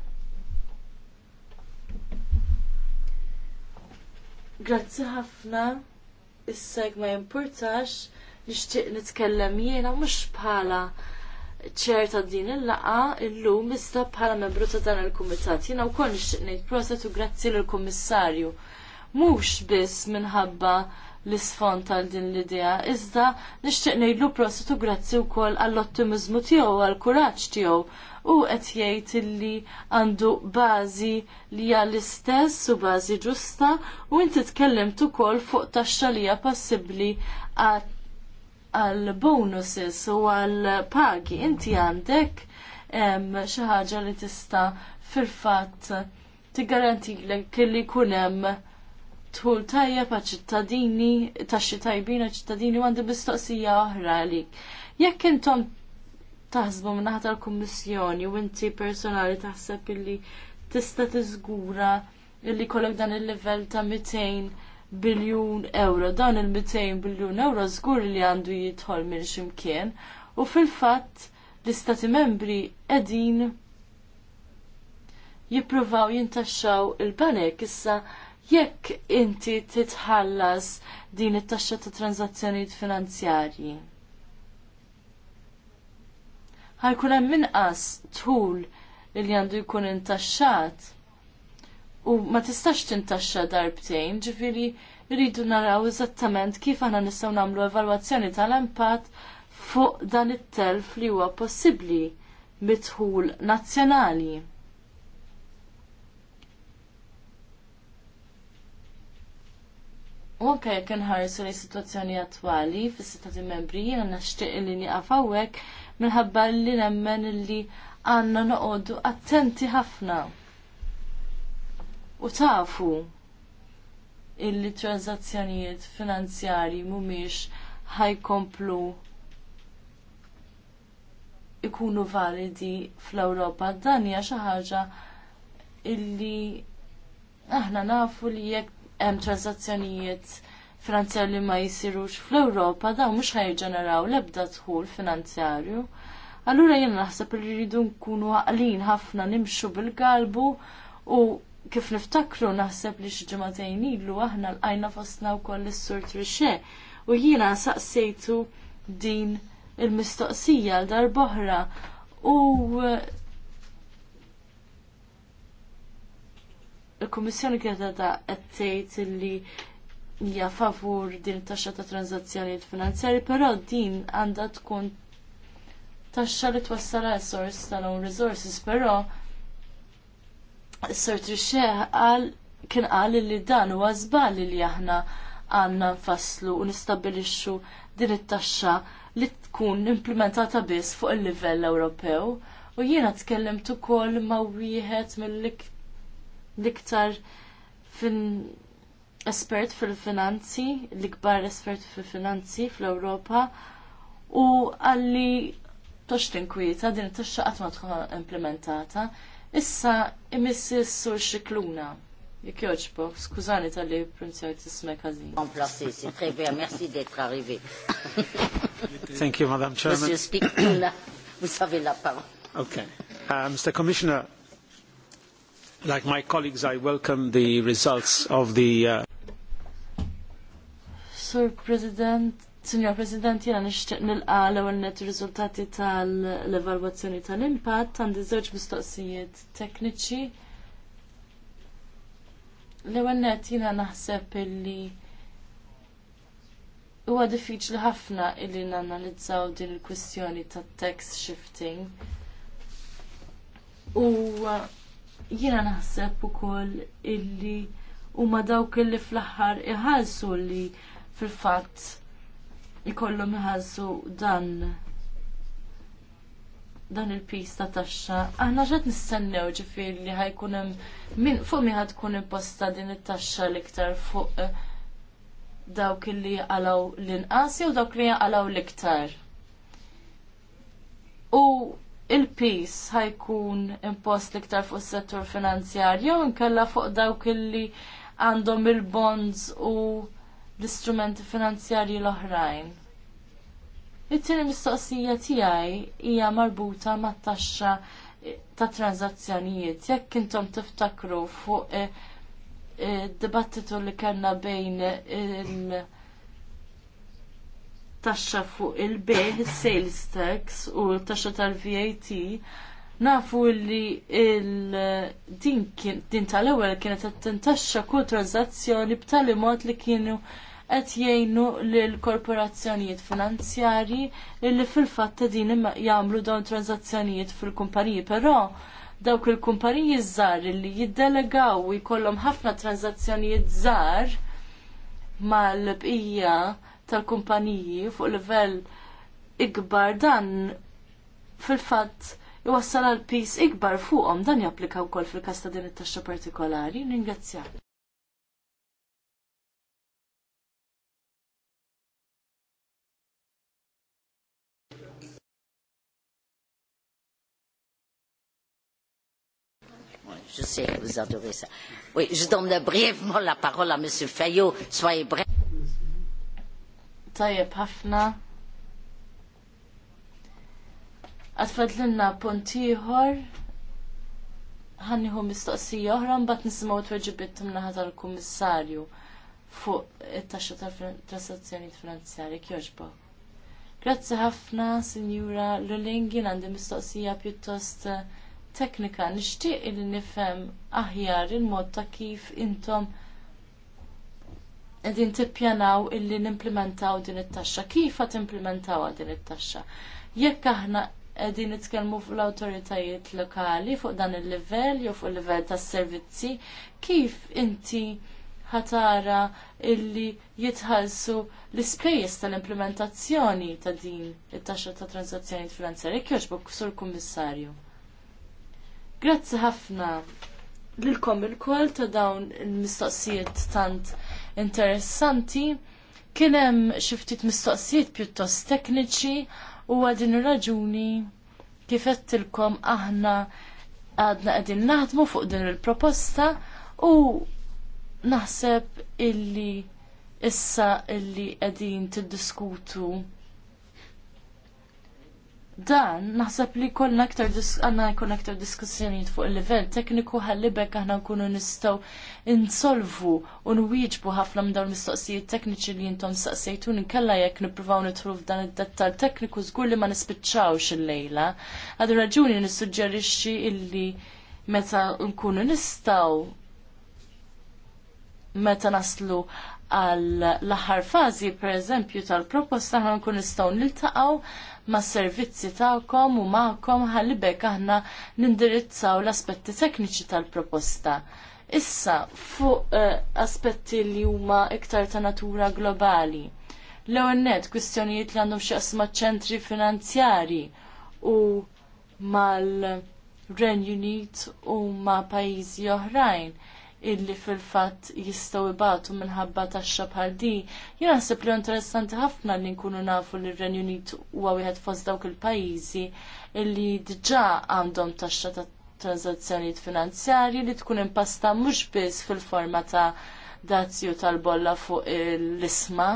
Grazzi ħafna, issa ma jimpurtax nixtieq nitkellem jiena mhux bħala ċerta din il-laqa illum iżda bħala membru ta' dan il-kumitat. Jiena wkoll nixtieq ngħid prosa tu grazzi lill-Kummissarju. Mhux biss minħabba l-isfond tal din l-idea, iżda nixtieq ngħidlu prosa tu grazzi wkoll għall-ottimiżmu tiegħu għall-kuraġġ tiegħu u qed jgħid illi għandu bażi li hija l-istess u bażi ġusta u inti tkellimt ukoll fuq taxxa li hija possibbli għat għal bonuses u għal pagi. Inti għandek xi ħaġa li tista' fil-fatt tiggarantilek li jkun hemm tħul tajjeb għal ċittadini, xi tajbin għal ċittadini u għandi mistoqsija oħra għalik. Jekk intom taħsbu minnaħat tal-Kummissjoni u inti personali taħseb illi tista' tiżgura illi kollok dan il-livell ta' 200 biljun euro. Dan il-200 biljun euro żgur li għandu jidħol minn ximkien u fil-fatt l-istati membri qegħdin jippruvaw jintaxxaw il-banek issa jekk inti titħallas din it-taxxa ta' tranzazzjonijiet finanzjarji. Ħajkun hemm inqas tul li għandu jkun intaxxat u ma tistax tintaxxa darbtejn, ġifiri rridu naraw eżattament kif aħna nistgħu nagħmlu evalwazzjoni tal-impatt fuq dan it-telf li huwa possibbli mitħul nazzjonali. U anke jekk inħarsu li situazzjoni attwali fis-Stati Membri jiena nixtieq li nieqaf hawnhekk minħabba li nemmen li għandna noqogħdu attenti ħafna u tafu illi transazzjonijiet finanzjarji mhumiex ħajkomplu ikunu validi fl-Ewropa. Dan hija xi ħaġa illi aħna nafu li jekk hemm transazzjonijiet finanzjarji li ma jsirux fl-Ewropa dawn mhux ħajġeneraw l-ebda dħul finanzjarju. Allura jien naħseb li rridu nkunu għaqlin ħafna nimxu bil-galbu u kif niftakru naħseb li xi ġimagħtejn ilu aħna lqajna fostna wkoll is-sur Trixxe u jiena saqsejtu din il-mistoqsija l darboħra u uh, il-Kummissjoni kienet qed tgħid li hija favur din it-taxxa ta' tranzazzjonijiet finanzjarji, però din għandha tkun taxxa li twassal għal sors tal-own resources, però Sir Trixxeh qal kien qal li dan huwa żball li aħna għandna nfasslu u nistabilixxu din it-taxxa li tkun implementata biss fuq il-livell Ewropew. U jiena tkellimt ukoll ma' wieħed mill-iktar fin espert fil-finanzi, l-ikbar espert fil-finanzi fl-Ewropa u għalli tox tinkwieta din it-taxxa qatt ma tkun implementata. Issa imissi sur xikluna. Jek joċbo, skużani tal-li prinzjajt s-smek għazin. En place, c'est très bien, merci d'être arrivé. Thank you, Madam Chairman. Monsieur Spikluna, vous avez la parole. Okay. Uh, Mr. Commissioner, like my colleagues, I welcome the results of the... Uh... Sir President, Signor President, jena nishtiq nilqa l-ewwel net riżultati tal-evalwazzjoni tal-impatt għandi żewġ mistoqsijiet tekniċi. L-ewwel net jiena naħseb illi huwa diffiċli ħafna illi nanalizzaw din il-kwistjoni ta' tax shifting. U jiena naħseb ukoll illi huma dawk illi fl-aħħar iħallsu li fil-fatt ikollhom iħallsu dan dan il pista ta' taxxa. Aħna ġed nistennew ġifier li ħajkun hemm min fuq mi tkun imposta din it-taxxa l-iktar fuq eh, dawk li għalaw l-inqas jew dawk li għalaw l-iktar. U il-pis ħajkun impost l-iktar fuq is-settur finanzjarju jew fuq dawk li għandhom il-bonds u l-istrumenti finanzjarji l-oħrajn. It-tieni mistoqsija tiegħi hija marbuta mat-taxxa ta' tranzazzjonijiet. Jekk intom tiftakru fuq id-dibattitu eh, eh, li kellna bejn eh, il- taxxa fuq il is sales tax u taxxa tal-VAT, Nafu li din, din tal-ewwel kienet qed tintaxxa kull tranzazzjoni b'tali mod li kienu qed jgħinu lil korporazzjonijiet finanzjarji li fil-fatt din jagħmlu dawn tranzazzjonijiet fil-kumpaniji, però dawk il-kumpaniji żgħar li jiddelegaw jkollhom ħafna tranzazzjonijiet żgħar mal-bqija tal-kumpaniji fuq livell ikbar dan fil-fatt iwassal għal pis ikbar fuqhom dan japplika wkoll fil kasta ta' din it-taxxa partikolari. Ningrazzjak. je sais que vous adorez ça. Oui, je donne brièvement la parole à M. Fayot. Soyez bref. Għatfadlinna pontiħor, ħanniħu mistoqsija oħra, mbagħad nisimgħu tweġibiet naħa tal-Kummissarju fuq it-taxxa tal-transazzjonijiet finanzjarji kjoġbok. Grazzi ħafna, Sinjura Lulingin, għandi mistoqsija pjuttost eh, teknika. Nixtieq li nifhem aħjar il-mod ta' kif intom qegħdin tippjanaw illi nimplementaw din it-taxxa. Kif implementawha din it-taxxa? Jekk aħna qegħdin nitkellmu fuq l-awtoritajiet lokali fuq dan il-livell jew fuq il-livell tas-servizzi, kif inti ħatara illi jitħallsu l-ispejjeż tal-implementazzjoni ta' din it-taxxa ta' transazzjoni finanzjarji jogħġbu sur kummissarju. Grazzi ħafna lilkom il-koll ta' dawn il-mistoqsijiet tant interessanti. Kien hemm xi ftit mistoqsijiet pjuttost tekniċi u għadin raġuni kifettilkom aħna għadna għadin naħdmu fuq din il-proposta u naħseb illi issa illi għadin tiddiskutu dan naħseb li kollna aktar għanna jkun aktar diskussjonijiet fuq il-livell tekniku ħalli bekk aħna nkunu nistgħu insolvu u nwieġbu ħafna minn dawn mistoqsijiet tekniċi li intom saqsejtun inkella jekk nippruvaw nidħlu f'dan id-dettal tekniku żgur li ma nispiċċawx il-lejla. Għadu raġuni nissuġġerixxi illi meta nkunu nistgħu meta naslu għal l-aħħar fażi pereżempju tal-proposta ħan kun nistgħu niltaqgħu mas servizzi tagħkom u magħkom ħalli aħna nindirizzaw l-aspetti tekniċi tal-proposta. Issa fuq uh, aspetti li huma iktar ta' natura globali. L-ewwel net kwistjonijiet li għandhom x'jaqsma ċentri finanzjari u mal-Ren Unit u ma' pajjiżi oħrajn illi fil-fatt jistgħu ibatu minħabba taxxa bħal di, jien naħseb li interessanti ħafna li nkunu nafu li r-Renju Unit huwa wieħed fost dawk il-pajjiżi illi diġà għandhom taxxa ta' transazzjonijiet finanzjarji li tkun impasta mhux biss fil-forma ta' dazju tal-bolla fuq l-isma,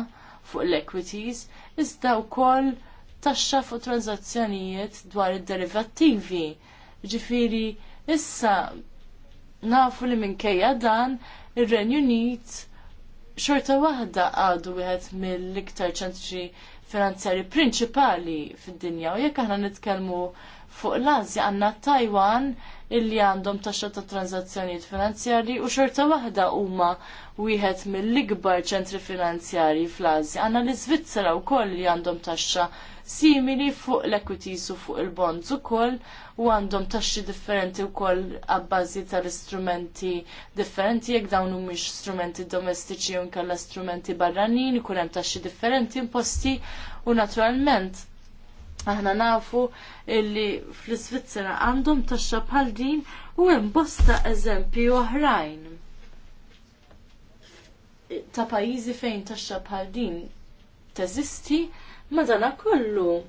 fuq l-equities, iżda wkoll taxxa fuq transazzjonijiet dwar id-derivattivi. Ġifieri issa nafu li minkejja dan ir-Renju Unit xorta waħda għadu wieħed mill-iktar ċentri finanzjari prinċipali fid-dinja u jekk aħna nitkellmu fuq l-Azja għandna Taiwan illi għandhom taxxa ta' tranzazzjonijiet finanzjarji u xorta waħda huma wieħed mill-ikbar ċentri finanzjarji fl-Asja. Għandna l-Iżvizzera wkoll li għandhom taxxa simili fuq l-equities u fuq il-bonds ukoll u għandhom taxxi differenti wkoll għabbażi tal-istrumenti differenti jek dawn mhumiex strumenti domestiċi u nkella strumenti barranin ikun hemm taxxi differenti imposti u naturalment aħna nafu illi fl-Svizzera għandhom taxxa bħal din u hemm bosta eżempji oħrajn ta' pajjiżi fejn taxxa bħal din teżisti Madana kollu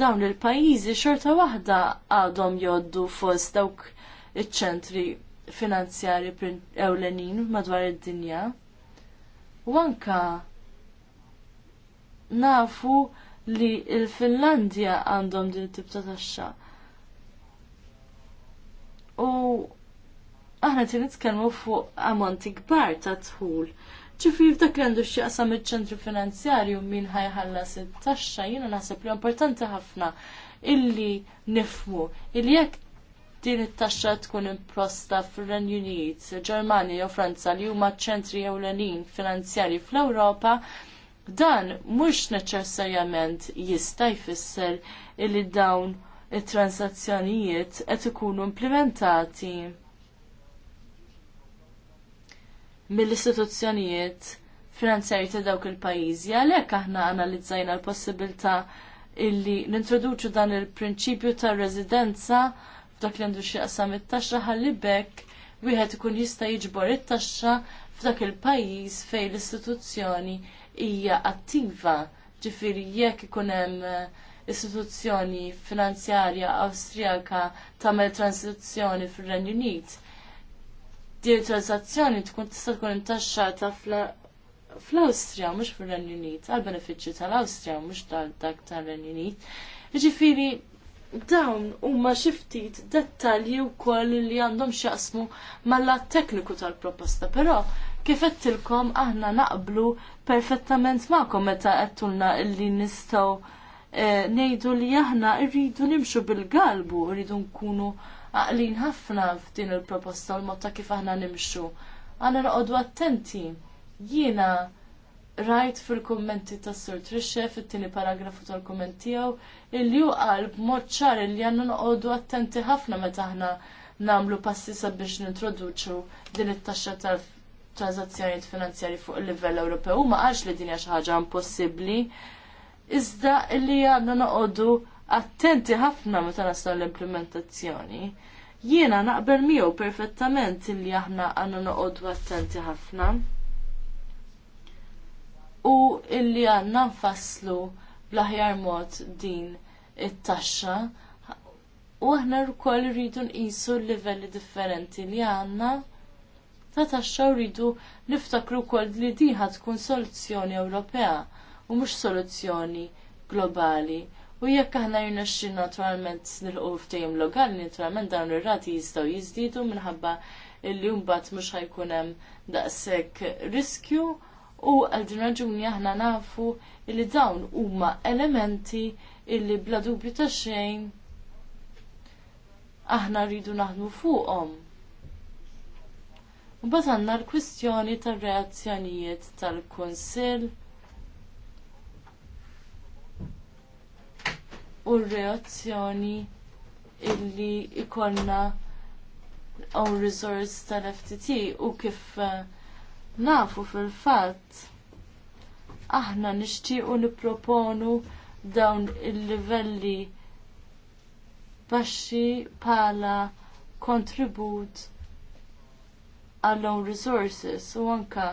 dawn il-pajjiżi xorta wahda għadhom joddu fost dawk iċ-ċentri finanzjari ewlenin madwar id-dinja. U anka nafu li il-Finlandja għandhom din tip ta' taxxa. U aħna tinitkellmu fuq ammonti kbar ta' tħul ċifri dak li għandu xieqsam il-ċentru finanzjarju minn ħajħalla it-taxxa jiena naħseb li importanti ħafna illi nifmu illi jekk din it-taxxa tkun imposta fir-Renju Unit, Ġermanja jew Franza li huma ċentri ewlenin finanzjarji fl-Ewropa, dan mhux neċessarjament jista' jfisser li dawn it-transazzjonijiet qed ikunu implementati mill-istituzzjonijiet finanzjari ta' dawk il-pajjiżi. Għalhekk aħna analizzajna l-possibilità illi nintroduċu dan il-prinċipju ta' residenza f'dak li għandu xieqsam it-taxxa ħalli bekk wieħed ikun jista' jiġbor it-taxxa f'dak il-pajjiż fejn l-istituzzjoni hija attiva. Ġifieri jekk ikun hemm eh, istituzzjoni finanzjarja Awstrijaka tagħmel transizzjoni fir-Renju Unit, din transazzjoni tkun tista' tkun intaxxata fl-Awstrija mhux fir-Renju Unit, għal benefiċċju tal-Awstrija mhux tal-dak tar renju Unit. Jiġifieri dawn huma xi ftit dettalji wkoll li għandhom x'jaqsmu mal-lat tekniku tal-proposta, però kif qedtilkom aħna naqblu perfettament magħkom meta qedtulna li nistgħu eh, ngħidu li aħna rridu nimxu bil-galbu, rridu nkunu għaqlin ħafna f'din il-proposta u l-mod ta' kif aħna nimxu. Għana noqogħdu attenti. Jiena rajt fil-kommenti ta' Sur Trisha fit-tieni paragrafu tal kumment tiegħu illi hu qal b'mod ċar li għandna noqogħdu attenti ħafna meta aħna nagħmlu passi sabiex nintroduċu din it-taxxa tal-transazzjonijiet finanzjarji fuq il-livell Ewropew ma qalx li din hija xi ħaġa impossibbli. Iżda illi għandna noqogħdu attenti ħafna meta naslu l-implementazzjoni. Jiena naqbel miegħu perfettament illi aħna għandna noqogħdu attenti ħafna. U illi għandna nfasslu bl-aħjar mod din it-taxxa u aħna wkoll rridu nqisu l-livelli differenti li għandna ta' taxxa rridu niftakru wkoll li diħa tkun soluzzjoni Ewropea u mhux soluzzjoni globali. U jekk aħna jirnexxi naturalment nilqu ftehim lokali, naturalment dawn ir-rati jistgħu jiżdiedu minħabba li mbagħad mhux ħajkun hemm daqshekk riskju u għal din raġuni aħna nafu li dawn huma elementi illi bla dubju ta' xejn aħna rridu naħdmu fuqhom. Mbagħad għandna l-kwistjoni tar-reazzjonijiet tal-Kunsill u r-reazzjoni illi ikonna own resource tal-FTT u kif eh, nafu fil-fatt aħna nixtiequ nipproponu dawn il-livelli baxxi bħala kontribut għall own resources u anke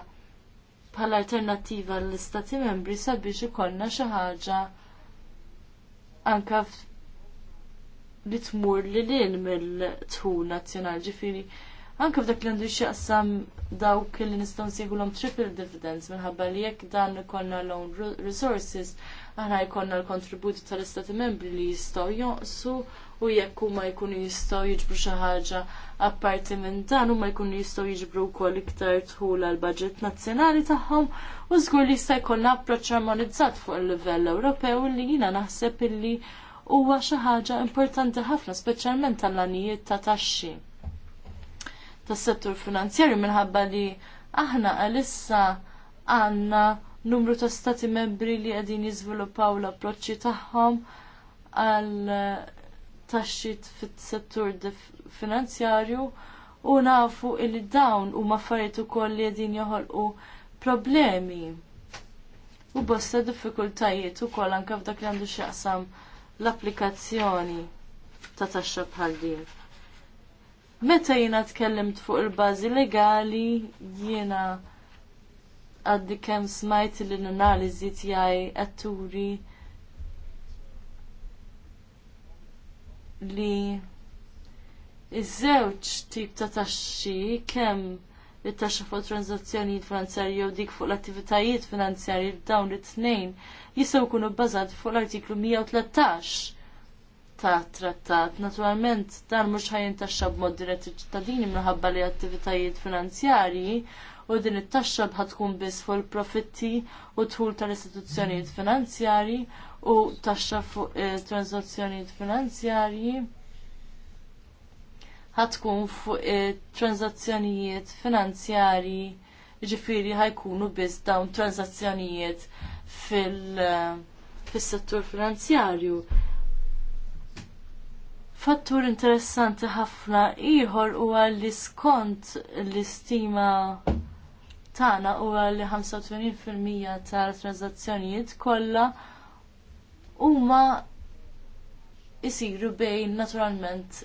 bħala alternattiva l istati membri sabiex ikollna xi ħaġa anka li tmur li lin mill-tħul nazjonal ġifiri. Anka f'dak li għandu xaqsam dawk li nistgħu nsejħu l triple dividends minħabba li jekk dan konna l-own resources, aħna jkollna l-kontributi tal-istati membri li jistgħu jonqsu u jekk huma jkunu jistgħu jiġbru xi ħaġa apparti minn dan huma jkunu jistgħu jiġbru wkoll iktar tħul għal budget nazzjonali tagħhom u żgur li jista' jkollna approċċ armonizzat fuq il-livell Ewropew li jiena naħseb illi huwa xi ħaġa importanti ħafna speċjalment tal-għanijiet ta' taxxi tas-settur finanzjarju minħabba li aħna għalissa għanna numru ta' stati membri li għedin jizviluppaw l-approċċi tagħhom għal taxxit fit-settur finanzjarju u nafu li dawn huma affarijiet ukoll li qegħdin joħolqu problemi. U bosta diffikultajiet ukoll anke f'dak li għandu x'jaqsam l-applikazzjoni ta' taxxa bħal din. Meta jiena tkellimt fuq il-bażi legali jiena għaddi kemm smajt l-analiżi tiegħi atturi turi li iż-żewġ tip ta' taxxi kemm it-taxxa fuq transazzjonijiet finanzjarji jew dik fuq l-attivitajiet finanzjarji dawn it-tnejn jistgħu jkunu bbażati fuq l-artiklu 113 ta' trattat. Naturalment dan mhux ħajjintaxxa taxxa b'mod dirett iċ-ċittadini minħabba li attivitajiet finanzjarji u din it-taxxa ħadd tkun biss fuq il-profitti u dħul tal-istituzzjonijiet finanzjarji u taxxa fuq transazzjoni finanzjarji ħatkun fuq transazzjonijiet finanzjarji eh, ġifiri ħajkunu biss dawn transazzjonijiet fil-settur eh, finanzjarju. Fattur interessanti ħafna ieħor huwa li skont l-istima tagħna huwa li 85% tal-transazzjonijiet kollha huma isiru bejn naturalment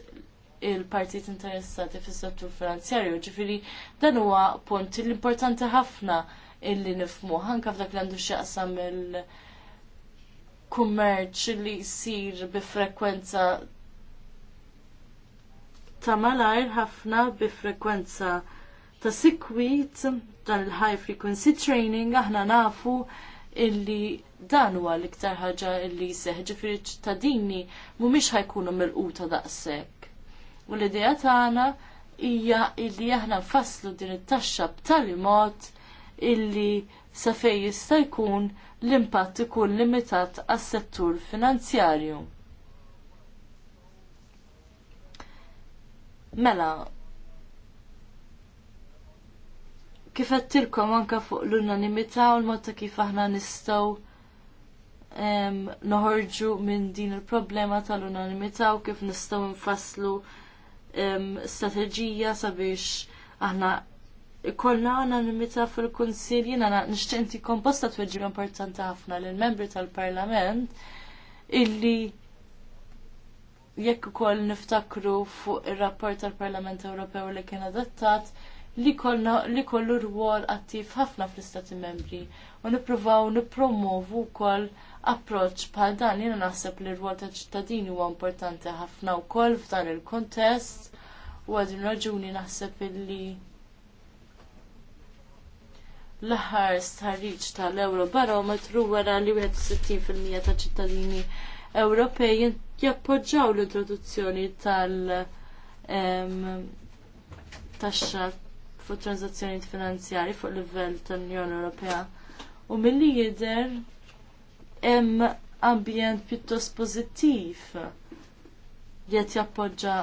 il-partit interessati fis-settur finanzjarju, ġifiri dan huwa punt l-importanti ħafna illi nifmu, ħanka f'dak li għandu x'jaqsam il-kummerċ li jsir bi frekwenza ta' malajr ħafna bi frekwenza ta' sikwit dan il-high frequency training aħna nafu illi dan huwa l-iktar ħaġa illi jseħ ġifieri ċittadini mhumiex ħajkunu milquta daqshekk. U l-idea tagħna hija illi aħna nfasslu din it-taxxa b'tali mod illi sa fejn jista' jkun l-impatt ikun limitat għas-settur finanzjarju. Mela, Kif għattilkom anka fuq l-unanimità u l-mod ta' kif aħna nistgħu noħorġu minn din il-problema tal-unanimità u kif nistgħu nfasslu strateġija sabiex aħna kollha unanimità fil-Kunsilj jiena nixtieq inti komposta tweġġib importanti ħafna lill-membri tal-Parlament illi jekk ukoll niftakru fuq ir-rapport tal-Parlament Ewropew li kien adattat li kollu rwol attiv ħafna fl-Istati membri u nippruvaw nippromovu wkoll approċċ bħal dan jiena naħseb li r-rwol ta' ċittadini huwa importanti ħafna wkoll f'dan il-kontest u għadin raġuni naħseb li l-aħħar starriċ tal-Eurobarometru wara li 61% ta' ċittadini Ewropej jappoġġaw l-introduzzjoni tal- tal-x-xatt fuq transazzjonijiet finanzjari fuq livell tal-Unjoni Ewropea. U milli jidher hemm ambjent pjuttost pożittiv li qed jappoġġa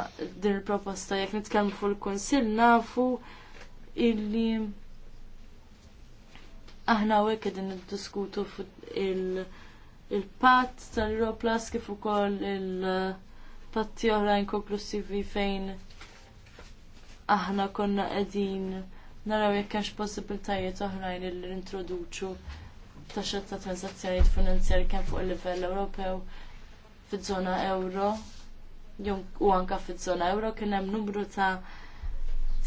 din il-proposta jekk nitkellmu fuq il-Kunsill nafu illi aħna hawnhekk qegħdin niddiskutu fuq il-patt tal europlas kif ukoll il-patti oħrajn konklusivi fejn aħna konna qegħdin naraw jekk hemmx possibiltajiet oħrajn li nintroduċu taxxa ta' transazzjonijiet finanzjarji kemm fuq il-livell Ewropew fiż-żona euro u anke fiż-żona euro kien hemm numru ta'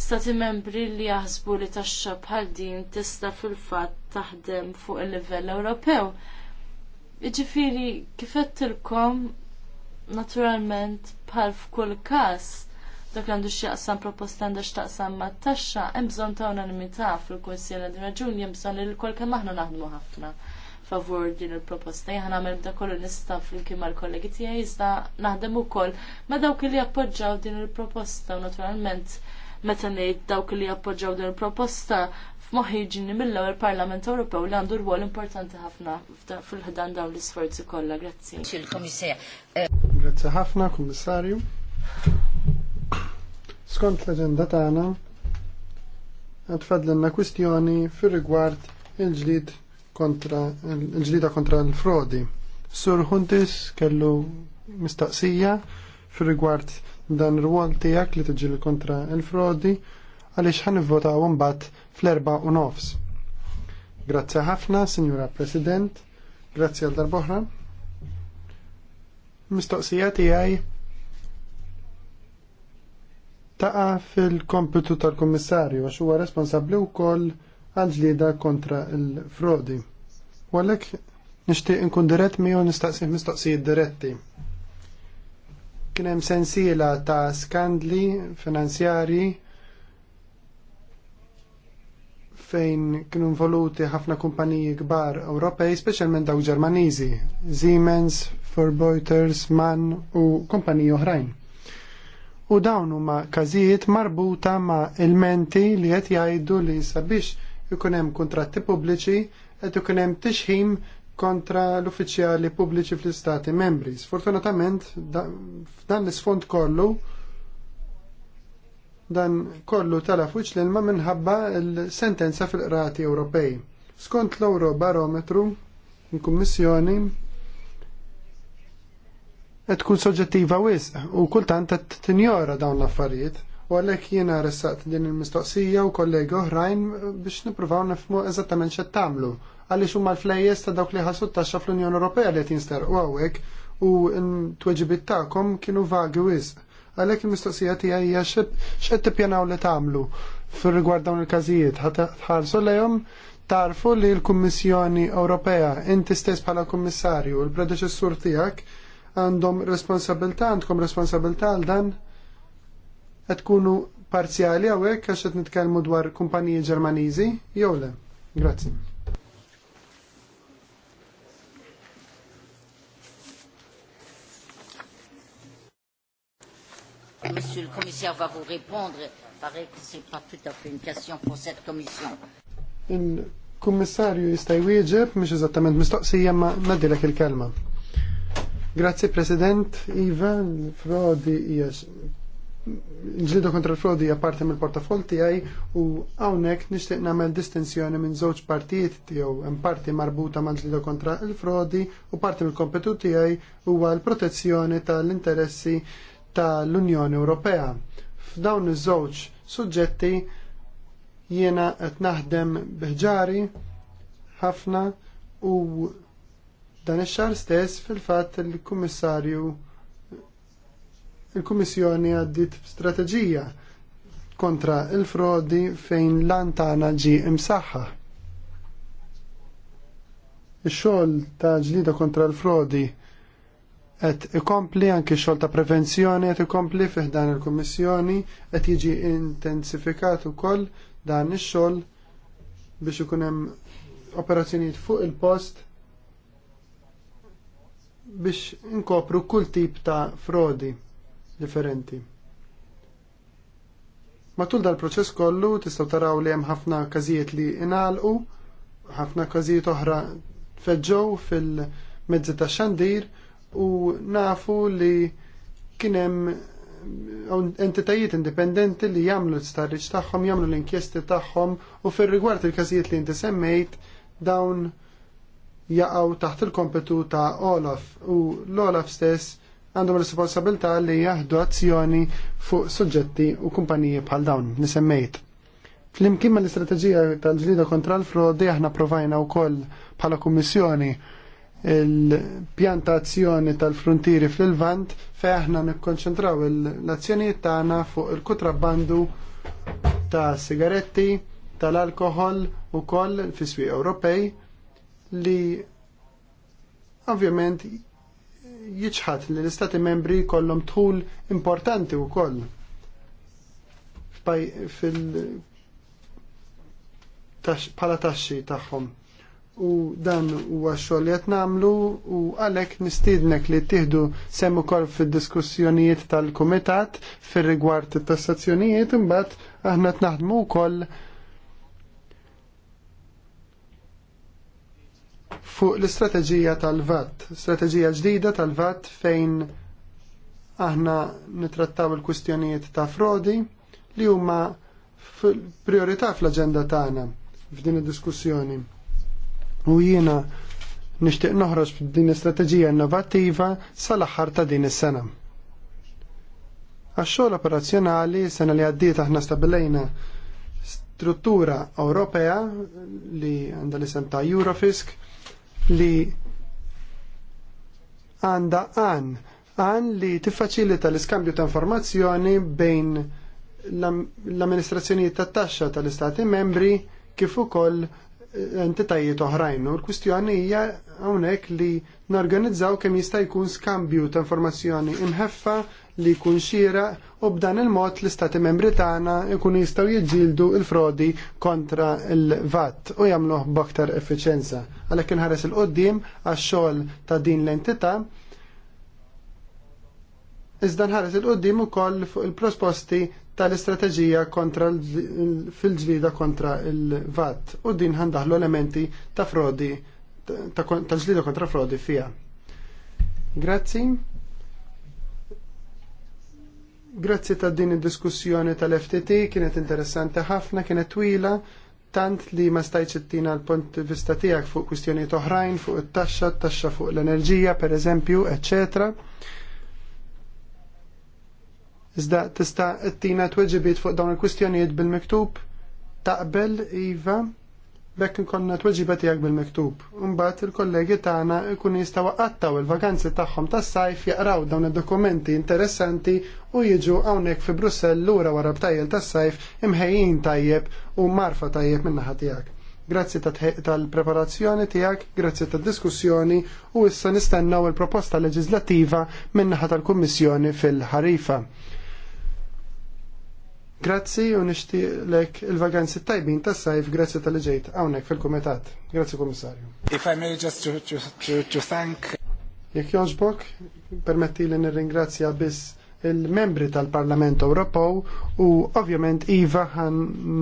stati membri li jaħsbu li taxxa bħal din tista' fil-fatt taħdem fuq il-livell Ewropew. Jiġifieri kif qedtilkom naturalment bħal f'kull każ dak għandu x'jaqsam proposta għandu x'taqsam ma' taxxa hemm bżonn ta' unanimità fil-Kunsill għal raġun jemżon bżonn li kol kem aħna naħdmu ħafna favur din il-proposta. Jħan għamil bda kollu nista fil kim għal-kollegi tijaj, jizda naħdem u Ma dawk li appoġġaw din il-proposta, naturalment, meta nejt dawk li appoġġaw din il-proposta, f'moħħi ġini mill il-Parlament Ewropew li għandu rwol importanti ħafna fil-ħdan dawn l-isforzi kollha. Grazzi. Grazzi ħafna, Komissarju. Skont l-agenda tagħna għatfadlenna kwistjoni fir rigward il-ġlid kontra il-ġlida kontra l-frodi. Sur Huntis kellu mistaqsija fir rigward dan ir-rwol tiegħek li tiġġiel kontra l-frodi għaliex ħan nivvotaw mbagħad fl-erba' u nofs. Grazzi ħafna, Sinjura President. Grazzi għal oħra. Mistoqsija tiegħi taqa fil-kompitu tal-Kummissarju għax huwa responsabbli wkoll għal ġlieda kontra l-frodi. U għalhekk nixtieq inkun dirett miegħu nistaqsih mistoqsijiet diretti. Kien hemm sensiela ta' skandli finanzjarji fejn kienu involuti ħafna kumpaniji kbar Ewropej, speċjalment dawk Ġermaniżi, Siemens, Forbeuters, Mann u kumpaniji oħrajn u dawn huma każijiet marbuta ma' ilmenti li qed jgħidu li sabiex ikun hemm kuntratti pubbliċi qed ikun hemm tixħim kontra l-uffiċjali pubbliċi fl-istati membri. Sfortunatament f'dan l-isfond kollu dan kollu tala fuċ l ma minħabba l-sentenza fil-qrati Ewropej. Skont l-Euro Barometru, l kummissjoni qed kull soġġettiva wisq u kultant qed tinjora dawn l-affarijiet. U għalhekk jena ressaqt din il-mistoqsija u kollegi oħrajn biex nippruvaw nifhmu eżattament x'qed tagħmlu għaliex huma l-flejjes ta' dawk li ta' taxxa fl-Unjoni Ewropea li qed u għawek u n-tweġibiet tagħkom kienu vagi wisq. Għalhekk il-mistoqsija tiegħi xe x'qed tippjanaw li tagħmlu fil rigward dawn il-każijiet ħarsu lejhom tarfu li l-Kummissjoni Ewropea inti stess bħala kummissarju l-predeċessur tiegħek għandhom responsabilta, għandkom responsabilta għal dan għed kunu parzjali għawek għax għed nitkelmu dwar kumpaniji ġermanizi. jew le. Grazzi. Monsieur le commissaire va vous répondre. Paraît que ce n'est pas tout à fait une question pour cette commission. Il-kummissarju jista' jwieġeb mhix eżattament mistoqsija ma nadilek il-kelma. Grazzi President Ivan frodi yes. Ġlidu kontra l-frodi għaparti mill portafol tijaj u għawnek nishtiq namel distenzjoni minn żewġ partijiet tijaw, hemm parti marbuta ma' ġlidu kontra l-frodi u parti mill kompetu tijaj huwa l-protezzjoni tal-interessi tal-Unjoni Ewropea. F'dawn iż-żewġ suġġetti jiena qed naħdem biħġari ħafna u Dan ix-xahar stess fil-fatt il-Kummissarju il-Kummissjoni għaddit strateġija kontra il-frodi fejn l-antana ġi imsaħħa. Ix-xogħol ta' ġlida kontra l-frodi qed ikompli anke xogħol ta' prevenzjoni qed ikompli fih dan il-Kummissjoni qed jiġi intensifikat ukoll dan ix-xogħol biex ikun hemm operazzjonijiet fuq il-post biex inkopru kull tip ta' frodi differenti. Matul dal-proċess kollu tistgħu taraw li hemm ħafna każijiet li inalqu, ħafna każijiet oħra feġġew fil-mezzi tax xandir u nafu li kien hemm entitajiet indipendenti li jagħmlu l-istarriġ tagħhom, jagħmlu l-inkjesti tagħhom u fir-rigward il-każijiet li inti semmejt dawn jaqgħu taħt il-kompetu ta' Olaf u l-Olaf stess għandhom responsabilta li jahdu azzjoni fuq suġġetti u kumpaniji bħal dawn li semmejt. Flimkien mal l-istrateġija tal-ġlida kontra l-frodi aħna provajna wkoll bħala kummissjoni il-pjantazzjoni tal-frontieri fl-Ilvant fe aħna nikkonċentraw l-azzjonijiet tagħna fuq il-kutrabbandu ta' sigaretti, tal-alkohol u koll fis-swieq Ewropej li ovvjament jiċħat li l-istati membri kollom tħul importanti u koll fil pala taxxi tagħhom. U dan huwa xogħol li qed nagħmlu u għalhekk nistiednek li tieħdu semm ukoll fid-diskussjonijiet tal-kumitat fir-rigward it-tassazzjonijiet imbagħad aħna qed naħdmu wkoll fuq l-istrateġija tal-VAT, strateġija ġdida tal-VAT fejn aħna nitrattaw il-kustjonijiet ta' frodi li huma priorità fl-aġenda tagħna f'din id-diskussjoni. U jiena nixtieq noħroġ l istrateġija innovattiva sal-aħħar ta' din is-sena. Għax-xogħol operazzjonali sena li għaddiet aħna stabilejna struttura Ewropea li għandha l-isem ta' Eurofisk li għanda għan għan li tiffaċilita l-iskambju ta' informazzjoni bejn l-amministrazzjonijiet tat taxxa tal-istati membri kif ukoll eh, entitajiet oħrajn. U l-kwistjoni hija hawnhekk li norganizzaw kemm jista' jkun skambju ta' informazzjoni imħeffa li jkun xira u b'dan il-mod l-istati membri tagħna jkunu jistgħu jiġġieldu l-frodi kontra l-VAT u jagħmluh b'aktar effiċjenza. Għalhekk inħares il qudiem għax-xogħol ta' din l-entità iżda nħares il qudiem ukoll fuq il-prosposti tal-istrateġija kontra fil-ġlida kontra il-VAT u din ħandaħlu elementi ta' frodi ta' ġlida kontra frodi fija. Grazzi. Grazzi ta' din id-diskussjoni tal-FTT, kienet interessanti ħafna, kienet twila, tant li ma stajċ ittina l-punt vista tiegħek fuq kustjoni oħrajn, fuq it-taxxa, taxxa fuq l-enerġija, per eżempju, eccetera. Iżda tista' ittina tweġibiet fuq dawn il-kwistjonijiet bil-miktub taqbel Iva bekk t tweġiba tiegħek bil-miktub. Imbagħad il-kollegi tagħna jkun jistgħu għattaw il-vakanzi tagħhom tas-sajf jaqraw dawn id-dokumenti interessanti u jiġu hawnhekk fi Brussell lura wara btajjel tas-sajf imħejjin tajjeb u marfa tajjeb min-naħa tiegħek. Grazzi tal-preparazzjoni tijak, grazzi tal-diskussjoni u issa nistennaw il-proposta leġislativa minnaħa tal-Kummissjoni fil-ħarifa. Grazzi u lek il-vaganzi tajbin tas sajf grazzi tal-ġejt għawnek fil-komitat. Grazzi komissarju. If I may just to, to, to, to thank... Jek joġbok, permetti li nirringrazzja biss il-membri tal-Parlament Ewropew u ovvjament Iva ħan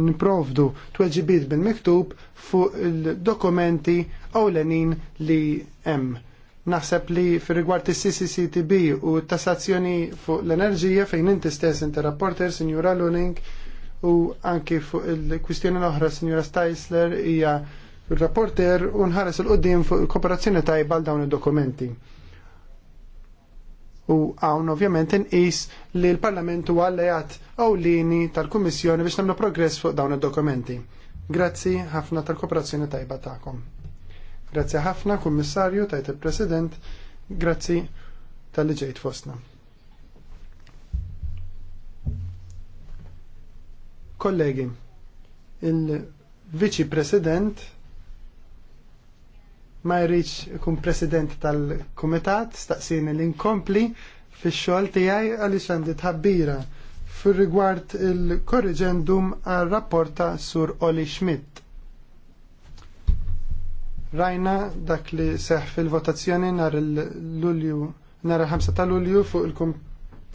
niprovdu tweġibit bil-miktub fuq il-dokumenti ewlenin li hemm Naħseb li fil rigward ccctb u tassazzjoni fuq l-enerġija fejn inti stess inti rapporter, Sinjura Luning, u anki fuq il-kwistjoni l-oħra, Sinjura Stajsler, hija il-rapporter u nħares il-qoddim fuq il-kooperazzjoni tajba dawn id-dokumenti. U għawn ovvjament inqis li l-Parlament huwa alleat awlini tal-Kummissjoni biex nagħmlu progress fuq dawn id-dokumenti. Grazzi ħafna tal-kooperazzjoni tajba tagħkom. Grazzi ħafna, Kummissarju, tajt il-President, grazzi tal liġejt ġejt fostna. Kollegi, il vici President ma jirriċ kum President tal-Komitat, staqsini l-inkompli fi xol tijaj għalix għandi tħabbira fil rigward il-korriġendum għal rapporta sur Oli Schmidt Rajna dak li seħ fil-votazzjoni nar il-Lulju, nar il-5 ta' Lulju fuq il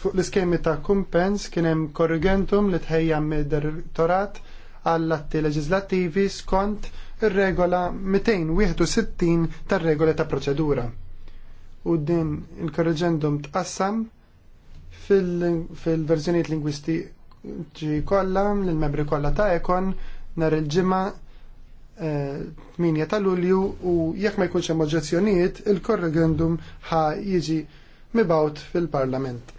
Fuq l-iskemi ta' kumpens kien hemm korrigentum li tħejja mid-direttorat għall-atti leġislattivi skont ir-regola 261 tar-regola ta' proċedura. U din il korrigentum tqassam fil-verżjonijiet lingwistiċi kollha lill membri kollha ta' ekon nhar il-ġimgħa 8 ta' Lulju u jekk ma jkunx hemm oġġezzjonijiet, il-korrigendum ħa jiġi mibgħut fil-Parlament.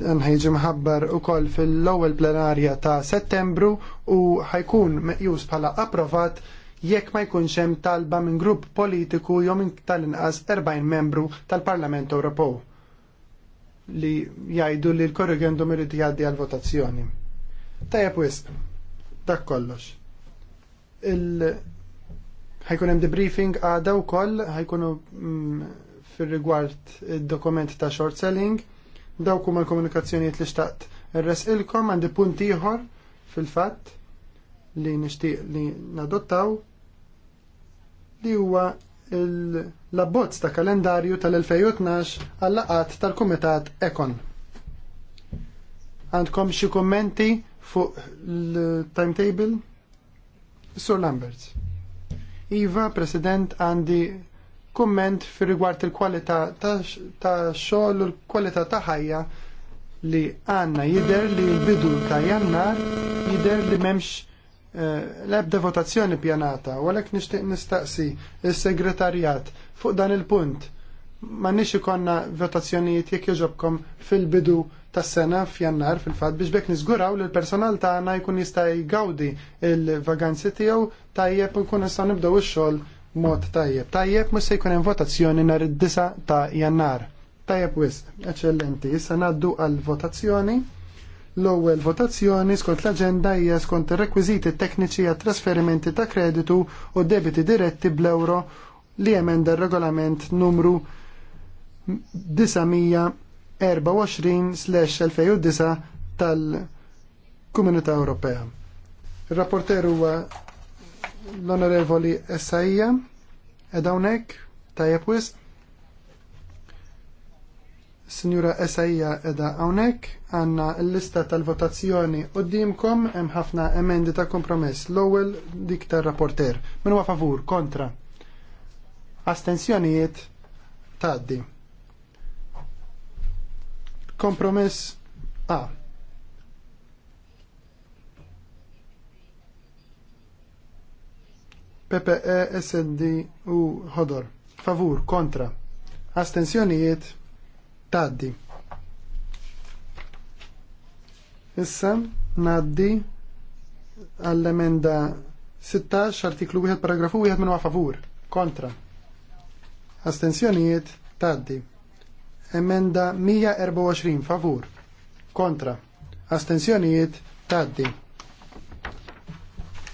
Dan ħajġi mħabbar ukoll fil-ewwel plenarja ta' Settembru u ħajkun meqjus bħala approvat jekk ma jkunx hemm talba minn grupp politiku jew minn tal-inqas 40 membru tal-Parlament Ewropew li jgħidu li l-korrigendum irid jgħaddi għal votazzjoni. Tajjeb wisq, dak kollox il ħajkun hemm debriefing għada wkoll ħajkunu mm, fir-rigward id-dokument ta' short selling. Dawk huma l-komunikazzjonijiet li xtaqt irresqilkom għandi punt ieħor fil-fatt li nixtieq li nadottaw li huwa l-abbozz ta' kalendarju tal-2012 għall-laqat tal-Kumitat Ekon. Għandkom xi kummenti fuq l-timetable? Sur Lambert, Iva, President, għandi kumment fi rigward il-kwalità ta' xogħol u l-kwalità ta' ħajja li għanna jider li l-bidu ta' jannar jider li memx eh, l-ebda votazzjoni pjanata u għalek nishtiq nistaqsi il-segretarjat fuq dan il-punt ma nix ikonna votazzjonijiet jek jġobkom fil-bidu tas-sena f'jannar fil-fatt biex bekk niżguraw li l-personal tagħna jkun jista' jgawdi l-vaganzi tiegħu tajjeb nkun nistgħu nibdew ix-xogħol mod tajjeb. Tajjeb mhux se jkun hemm votazzjoni nhar id 9 ta' jannar. Tajjeb wisq, eċċellenti. jissa ngħaddu għal votazzjoni. L-ewwel votazzjoni skont l-aġenda hija skont ir-rekwiżiti tekniċi għat trasferimenti ta' kreditu u debiti diretti bl-euro li emenda r-regolament numru 900 24-2009 tal-Komunità Ewropea. Il-rapporter huwa l-Onorevoli Essaija, edawnek, tajjeb wisq, Signora Esajja edha hawnhekk għanna l-lista tal-votazzjoni u d-dimkom ħafna emendi ta' kompromess. l ewwel dik tar rapporter. huwa favur, kontra. Astenzjonijiet taddi. Kompromiss A. PPE, SND u ħodor. Favur, kontra. Astenzjonijiet taddi. Issa naddi għall-emenda 16 artiklu 1 paragrafu 1 minn favur. Kontra. Astenzjonijiet taddi. Emenda 124 favur. Kontra. astensjonijiet taddi.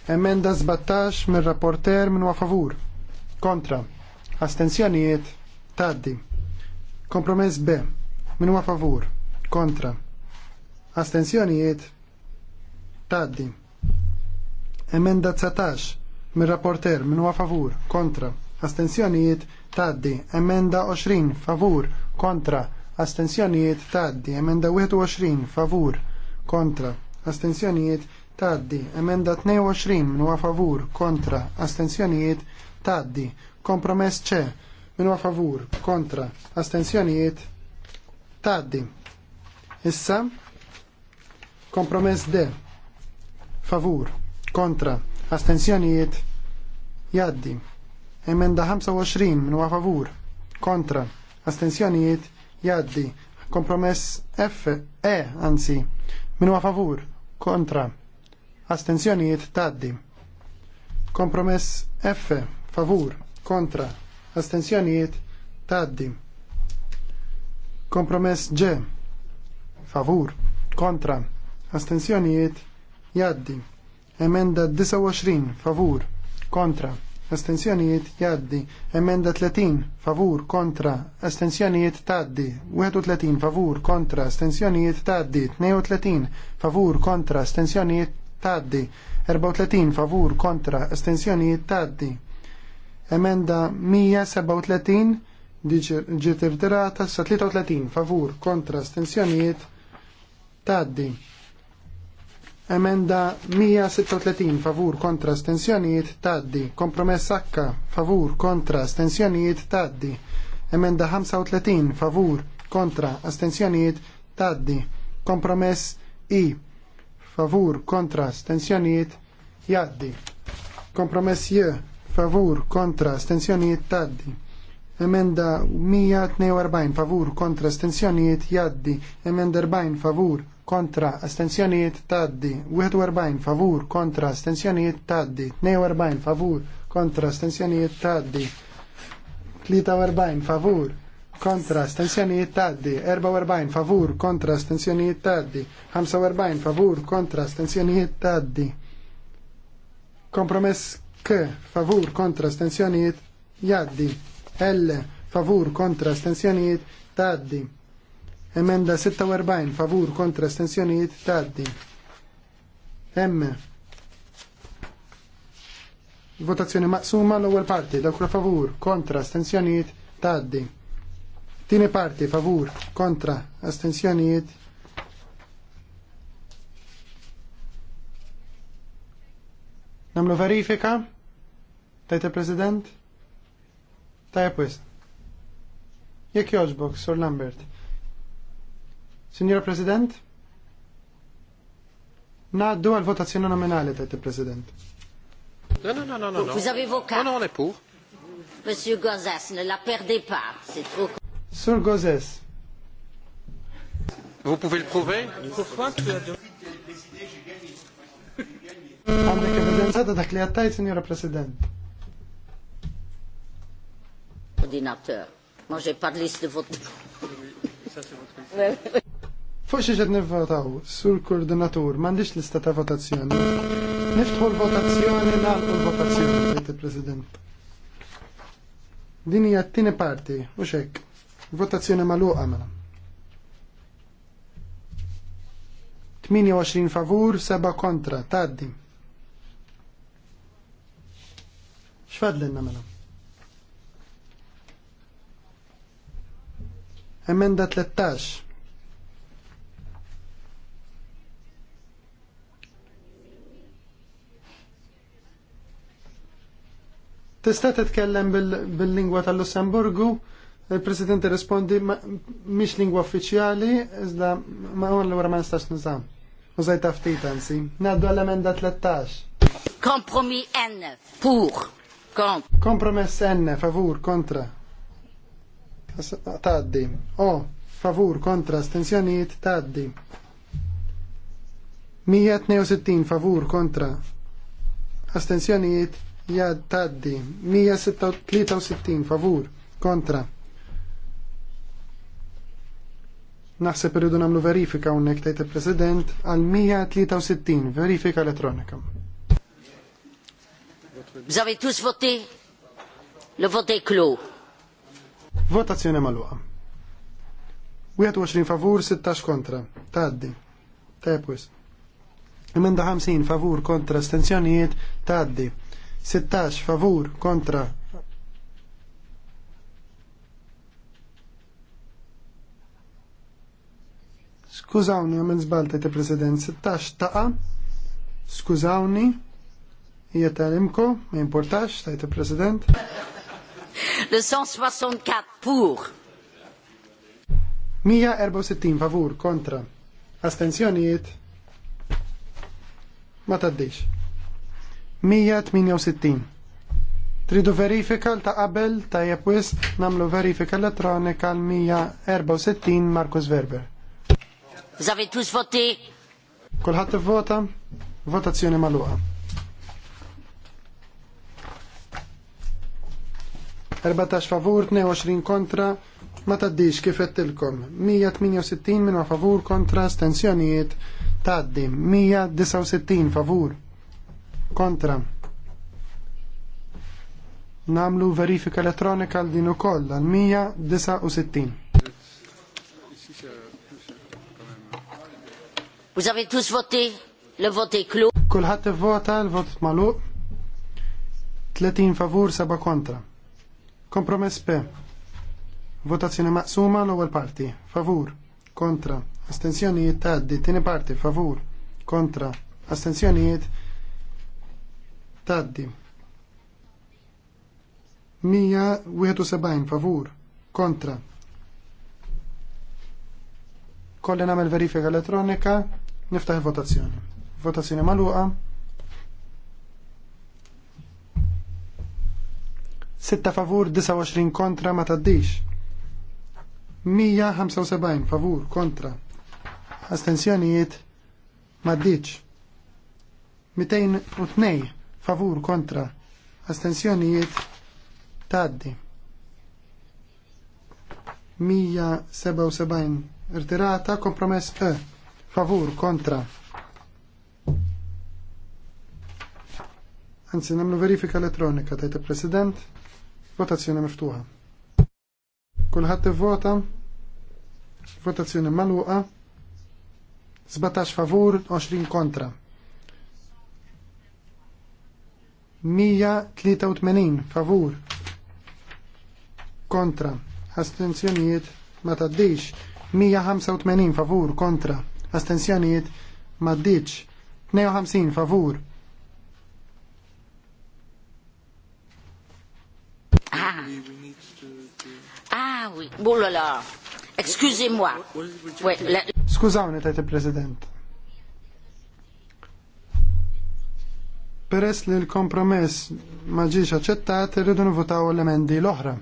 Emenda 17 mir rapporter minwa favur. Kontra. Astenzjonijiet taddi. Kompromess B. Minwa favur. Kontra. Astenzjonijiet taddi. Emenda 19 mir rapporter minwa favur. Kontra. Astenzjonijiet taddi. Emenda 20 favur kontra astensjonijiet taddi emenda 21 favur kontra astensjonijiet taddi emenda 22 minwa favur kontra astensjonijiet taddi kompromess ċe minwa favur kontra astensjonijiet taddi issa kompromess D favur kontra astensjonijiet jaddi emenda 25 minwa favur kontra astensjonijiet jaddi. Kompromess F, E, anzi, minu favur, kontra, astensjonijiet taddi. Kompromess F, favur, kontra, astensjonijiet taddi. Kompromess G, favur, kontra, astensjonijiet jaddi. Emenda 29, favur, kontra, astenzjonijiet jaddi, emenda 30 favur kontra astenzjonijiet taddi, 31 favur kontra astenzjonijiet taddi, 32 favur kontra astenzjonijiet taddi, 34 favur kontra astenzjonijiet taddi. Emenda 137 ġiet irtirata sa 33 favur kontra astenzjonijiet taddi. Emenda 136 favur kontra stensjonijiet taddi. Kompromess H favur kontra stensjonijiet taddi. Emenda 35 favur kontra astensjonijiet taddi. Kompromess I favur kontra stensjonijiet jaddi. Kompromess J favur kontra stensjonijiet taddi. Emenda 142 favur kontra stensjonijiet jaddi. Emenda 40 favur kontra astensjonijiet taddi 41 favur kontra astensjonijiet taddi 42 favur kontra astensjonijiet taddi 43 favur kontra astensjonijiet taddi 44 favur kontra astensjonijiet taddi 45 favur kontra astensjonijiet taddi kompromess k favur kontra astenzjonijiet jaddi L favur kontra astensjonijiet taddi Emenda 46 favur kontra astensjonijiet taddi. M. Votazzjoni maqsuma l-ewwel parti dawk la favur kontra astensjonijiet taddi. Tieni parti favur kontra astensjonijiet Namlu verifika? Tajte President? Tajja pwis. Jek joġbok, Sur Lambert. Signora President? Naddu għal votazzjoni nominali tajt il-President. No, no, no, no, no. Vous avez vos cartes. Non, non, on est pour. Monsieur Gozès, ne la perdez pas. C'est trop... Sur Gozès. Vous pouvez le prouver Pourquoi tu as Għandek evidenza ta' dak li għattajt, Signora President. Ordinateur, moi j'ai pas de liste de vote. ça c'est votre Forsi ġed nivvotaw sur koordinatur, mandiċ lista ta' votazzjoni. Niftħu l-votazzjoni, nalqu l-votazzjoni, għajt il-President. Din hija t-tieni parti, u xek. Votazzjoni maluqa mela. 28 favur, 7 kontra, taddi. Xfadlenna mela? Emenda 13. Tista' titkellem bil-lingwa tal-Lussemburgu, il-President irrispondi mhix lingwa uffiċjali, iżda ma l-għura ma nistax U Użajt taftit għansi. Ngħaddu għal emenda 13. Kompromi N, pur. Kompromess N, favur, kontra. Taddi. O, favur, kontra, stenzjoniet, taddi. 162 favur kontra Astenzjoniet, Ja taddi 163 favur kontra Naħseb irridu nagħmlu verifika hawnhekk tajt il-President għal 163 verifika elettronika. Vous avez tous voté? voti vote est Votazzjoni maluqa. 21 favur, 16 kontra. Taddi. Tepwis. Emenda 50 favur kontra stenzjonijiet, taddi. 16 favur kontra Skużawni, għamen zbalta ti president 16 taqa. Skużawni, jieta l imko ma importax, tajt president. Le 164 pur. 164 favur kontra. Astenzjonijiet ma taddix. 168. Tridu verifika ta' qabel ta' jepwis namlu verifika elettronika l-164 Markus Verber. Zavi twis voti? Kulħat vota? Votazzjoni maluqa. 14 favur, 22 kontra, ma taddix kif għettilkom. 168 minn favur kontra stenzjonijiet taddi, 169 favur Kontra. Namlu verifika elettronika għal din ukoll għal 169. Vous avez tous voté? Le vote est clos. Kulħadd ivvota l-vot magħluq. 30 favur, 7 kontra. Kompromess P. Votazzjoni maqsuma l-ewwel parti. Favur. Kontra. Astenzjonijiet tgħaddi. Tieni parti. Favur. Kontra. Astenzjonijiet taddi. 171 favur kontra. Kolli nagħmel verifika elettronika, niftaħ il-votazzjoni. Votazzjoni magħluqa. 6 favur, 29 kontra ma taddix. 175 favur kontra. Astenzjonijiet ma ddiċ. 202 favur kontra astensjonijiet taddi 177 irtirata kompromess E favur kontra Anzi, namlu verifika elettronika tajt president Votazzjoni miftuħa. Kulħadd ivvota. Votazzjoni maluqa 17 favur, 20 kontra. 183 favur kontra astenzjonijiet ma taddix 185 favur kontra astenzjonijiet ma ddiċ 52 favur Ah, ah oui, boulala, excusez-moi. Skużawni, tajt il-President. Peress li l-kompromess ma ġiex aċċettat, irridu nivutaw l-emendi l-oħra.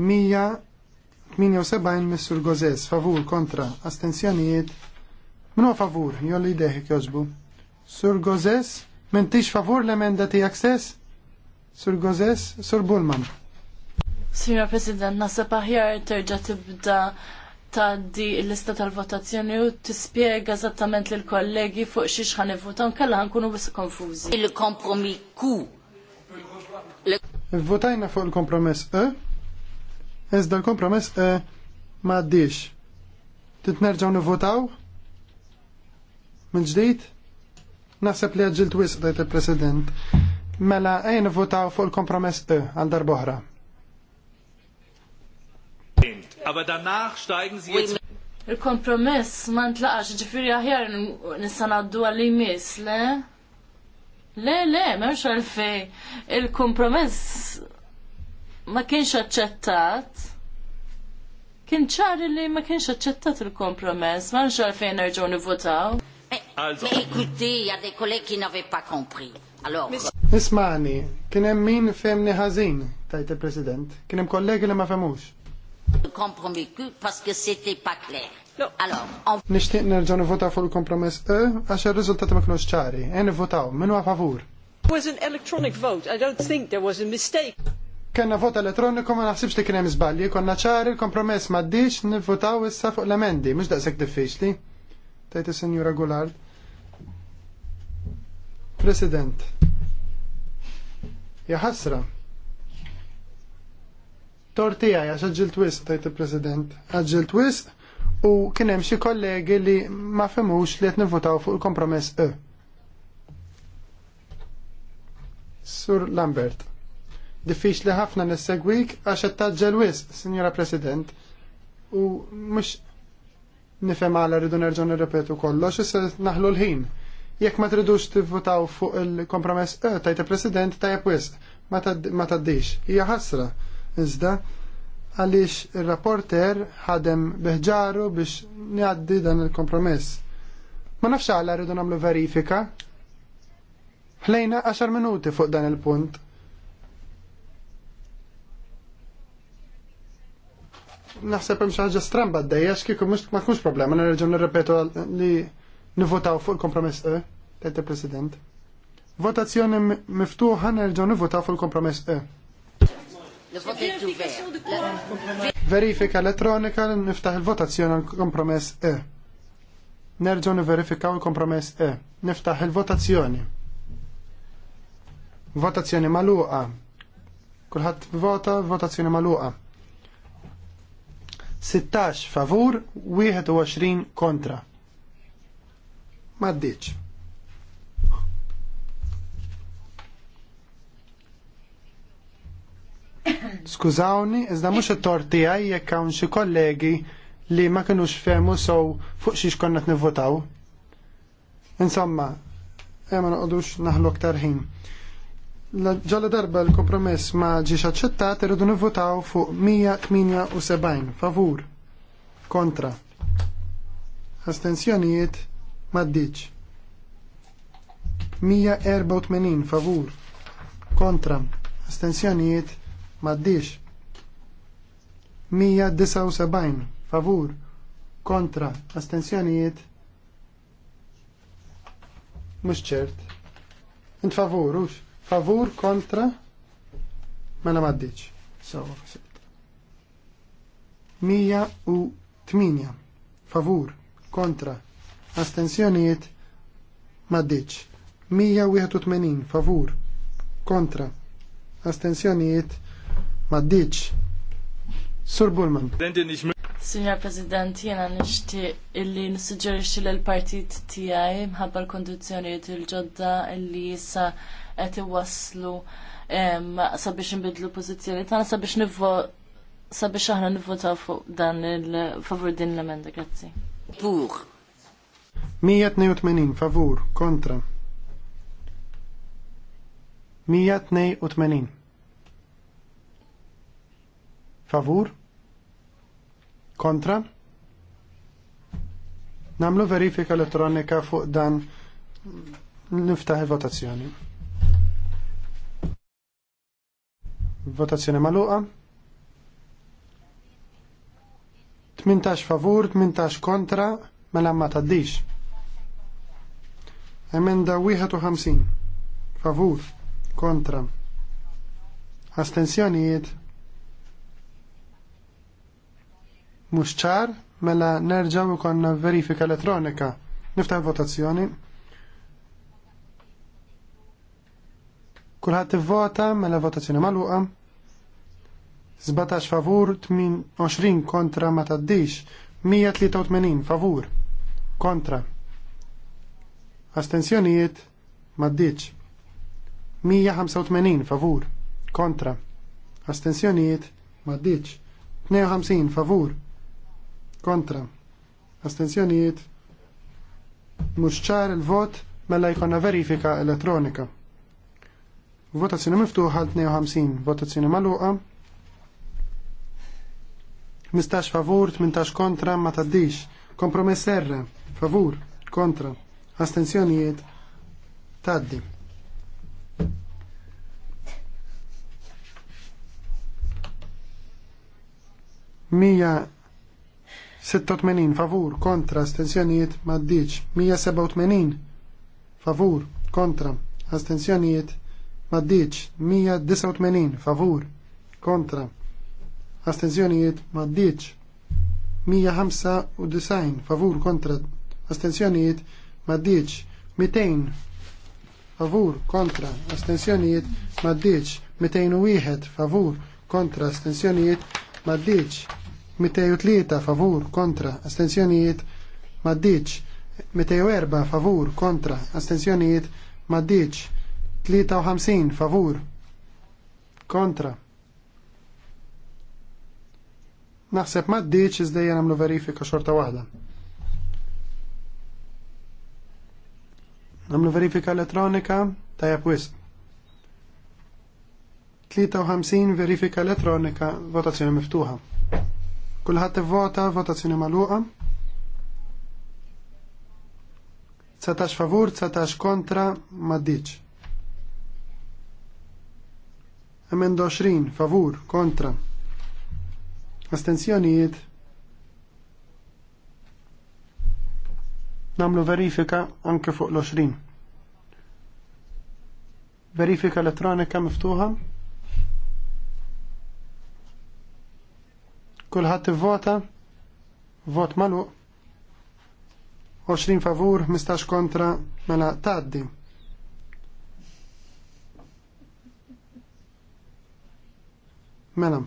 178 Missur Gozes, favur, kontra, astensjonijiet. mnu favur, jolli deħi kjoġbu. Sur Gozes, mentix favur l-emenda tijak stess? Sur Gozes, Sur Bulman. Signor President, nasa paħjar terġa tibda taddi l-lista tal-votazzjoni u tispjega eżattament l kollegi fuq xiex ħan votaw nkella ħankunu bis konfużi. Il-kompromis Q. Votajna fuq il-kompromess E. Iżda l-kompromess E ma għaddix. Titnerġaw nivotaw? Minn ġdid? Naħseb li għagġil wisq dajt il-President. Mela, ejn votaw fuq il-kompromess E għal darboħra. Aber danach steigen Sie jetzt. il kompromiss ma ntlaqax ġifiri aħjar nissa naddu għalli mis, le? Le, le, memx għalfej. il kompromiss ma kienx aċċettat. Kien ċari li ma kienx aċċettat il kompromiss ma nx għalfej nerġu nivotaw. Ma ikuti, għadde kollegi n'ave pa kompri. Nismani, kien hemm min femni ħażin, tajt il-President. Kien hemm kollegi li ma femux. Kompromis c'était pas clair. Nishtiq nerġa' nivvotaw fuq il-kompromess E għax riżultati ma kinux ċari. E was an electronic vote. I don't think there was a mistake. Kenna vota elettroniku ma naħsibx li kien hemm żbalji, konna ċari il-kompromess m'għaddix nivvotaw issa fuq l-emendi, mhux daqshekk diffiċli. Tgħid is-Sinjura Gulard. President. Ja ħasra Torti għaj, għax ġilt wisq, tajt il-President. Għagġilt wisq u kienem xie kollegi li ma femux li votaw fuq il-kompromess E. Sur Lambert. Diffiċ li ħafna nissegwik għax taġġil wisq, Signora President. U mux nifem għala rridu nerġun nirrepetu kollox, xis naħlu l-ħin. Jekk ma tridux tivvotaw fuq il-kompromess E, tajt il-President tajab wisq. Ma taddix. Hija ħasra iżda għaliex ir-rapporter ħadem beħġaru biex ngħaddi dan il-kompromess. Ma nafx għala rridu nagħmlu verifika. Ħlejna 10 minuti fuq dan il-punt. Naħseb hemm xi ħaġa stramba għaddejja x'kieku ma tkunx problema nerġgħu nirrepetu li nivotaw fuq il-kompromess E, tgħid il-President. Votazzjoni miftuħa nerġgħu nivotaw fuq il-kompromess E. Verifika elettronika niftaħ il-votazzjoni għal kompromess E. Nerġgħu niverifikaw il-kompromess E. Niftaħ il-votazzjoni. Votazzjoni maluqa. Kulħadd vota, votazzjoni maluqa. 16 favur, 21 kontra. Maddiċ. Skużawni, iżda mhux it torti għaj jekk hawn xi kollegi li ma kinux fehmu sew fuq xiex konna nivvotaw. Insomma, e ma noqogħdux naħlu aktar ħin. Ġalla darba l-kompromess ma ġiex aċċettat irridu nivvotaw fuq 178 favur kontra astenzjonijiet maddiċ 184 favur kontra astensjonijiet Maddiċ. 179 favur kontra Astenzjonijiet. Mux ċert. Int favur ux. Favur kontra mela maddiċ. So, 108 favur kontra Astenzjonijiet. maddiċ. 181 favur kontra astensjonijiet Maddiċ. Sur Bullman. Signor President, jena nishti illi nissuġġerixti l-partit tijaj mħabba l-kondizjoniet il-ġodda illi jissa għet waslu sabiex nbidlu pozizjoni tana sabiex nivvo sabiex aħna nivvota fuq dan il-favur din l-emenda, grazzi. Pur. 182 favur, kontra. 182. Favur? Kontra? Namlu verifika elettronika fuq dan niftaħ il-votazzjoni. Votazzjoni maluqa. 18 favur, 18 kontra, mela ma taddix. Emenda 51. Favur, kontra. Astenzjonijiet mhux ċar, mela nerġgħu ikonna verifika elettronika. Niftaħ votazzjoni. Kulħadd ivvota mela votazzjoni maluqa. 17 favur, 28 kontra ma taddix, 183 favur, kontra. Astenzjonijiet ma taddix. 185 favur, kontra. Astenzjonijiet ma taddix. 52 favur, kontra astenzjonijiet mhux ċar il-vot mela jkollna verifika elettronika. Votazzjoni miftuħa l-52, votazzjoni magħluqa. 15 favur, 18 kontra, ma taddix. Kompromess erra, favur, kontra, astenzjonijiet, taddi. Mija 86 favur kontra astensjonijiet maddiċ 187 favur kontra astensjonijiet maddiċ 189 favur kontra astensjonijiet maddiċ 195 favur kontra astensjonijiet maddiċ 200 favur kontra astensjonijiet maddiċ 201 favur kontra astensjonijiet maddiċ 203 favur kontra astenzjonijiet maddiċ 204 favur kontra astenzjonijiet maddiċ 53 favur kontra Naħseb maddiċ iżdejja namlu verifika xorta waħda. Namlu verifika elettronika tajab wisq. 53 verifika elettronika votazzjoni miftuħa. Kulħadd ivvota, votazzjoni magħluqa. Setax favur, setax kontra, maddiċ. Emenda 20, favur, kontra. Astenzjonijiet. Namlu verifika anke fuq l-20. Verifika elettronika miftuħa. Kulħadd ivvota? Vot magħluq? 20 favur, 15 kontra, mela taddi. Mela.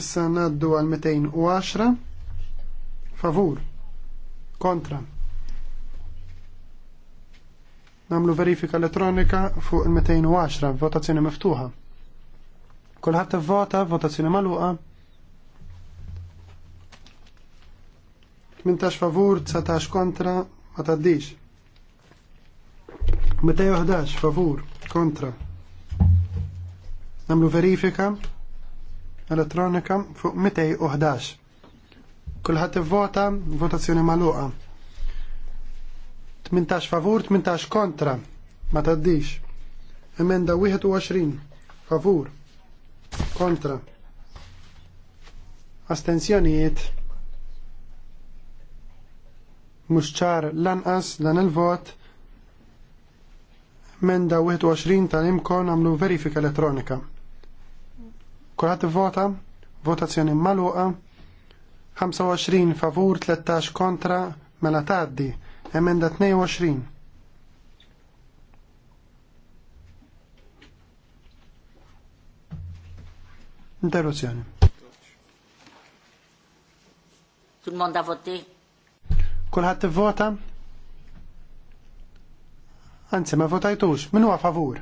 Issa naddu għal 210 favur kontra. Namlu verifika elettronika fuq il-210, votazzjoni miftuħa. Kulħadd ivvota, votazzjoni magħluqa. 18 favur, 19 kontra, ma taddix. 211 favur, kontra. Namlu verifika elettronika fuq 211. Kulħadd vota, votazzjoni maluqa. 18 favur, 18 kontra. Ma taddix. Emenda 21. Favur. Kontra. Astenzjonijiet mhux ċar lanqas dan il-vot da 21 tal-imkon għamlu verifika elettronika. Kulħadd vota, votazzjoni maluqa, 25 favur, 13 kontra, mela taddi, emenda 22. Interruzzjoni. Tout le Kulħadd tivvota? Anzi, ma votajtux. Min huwa favur?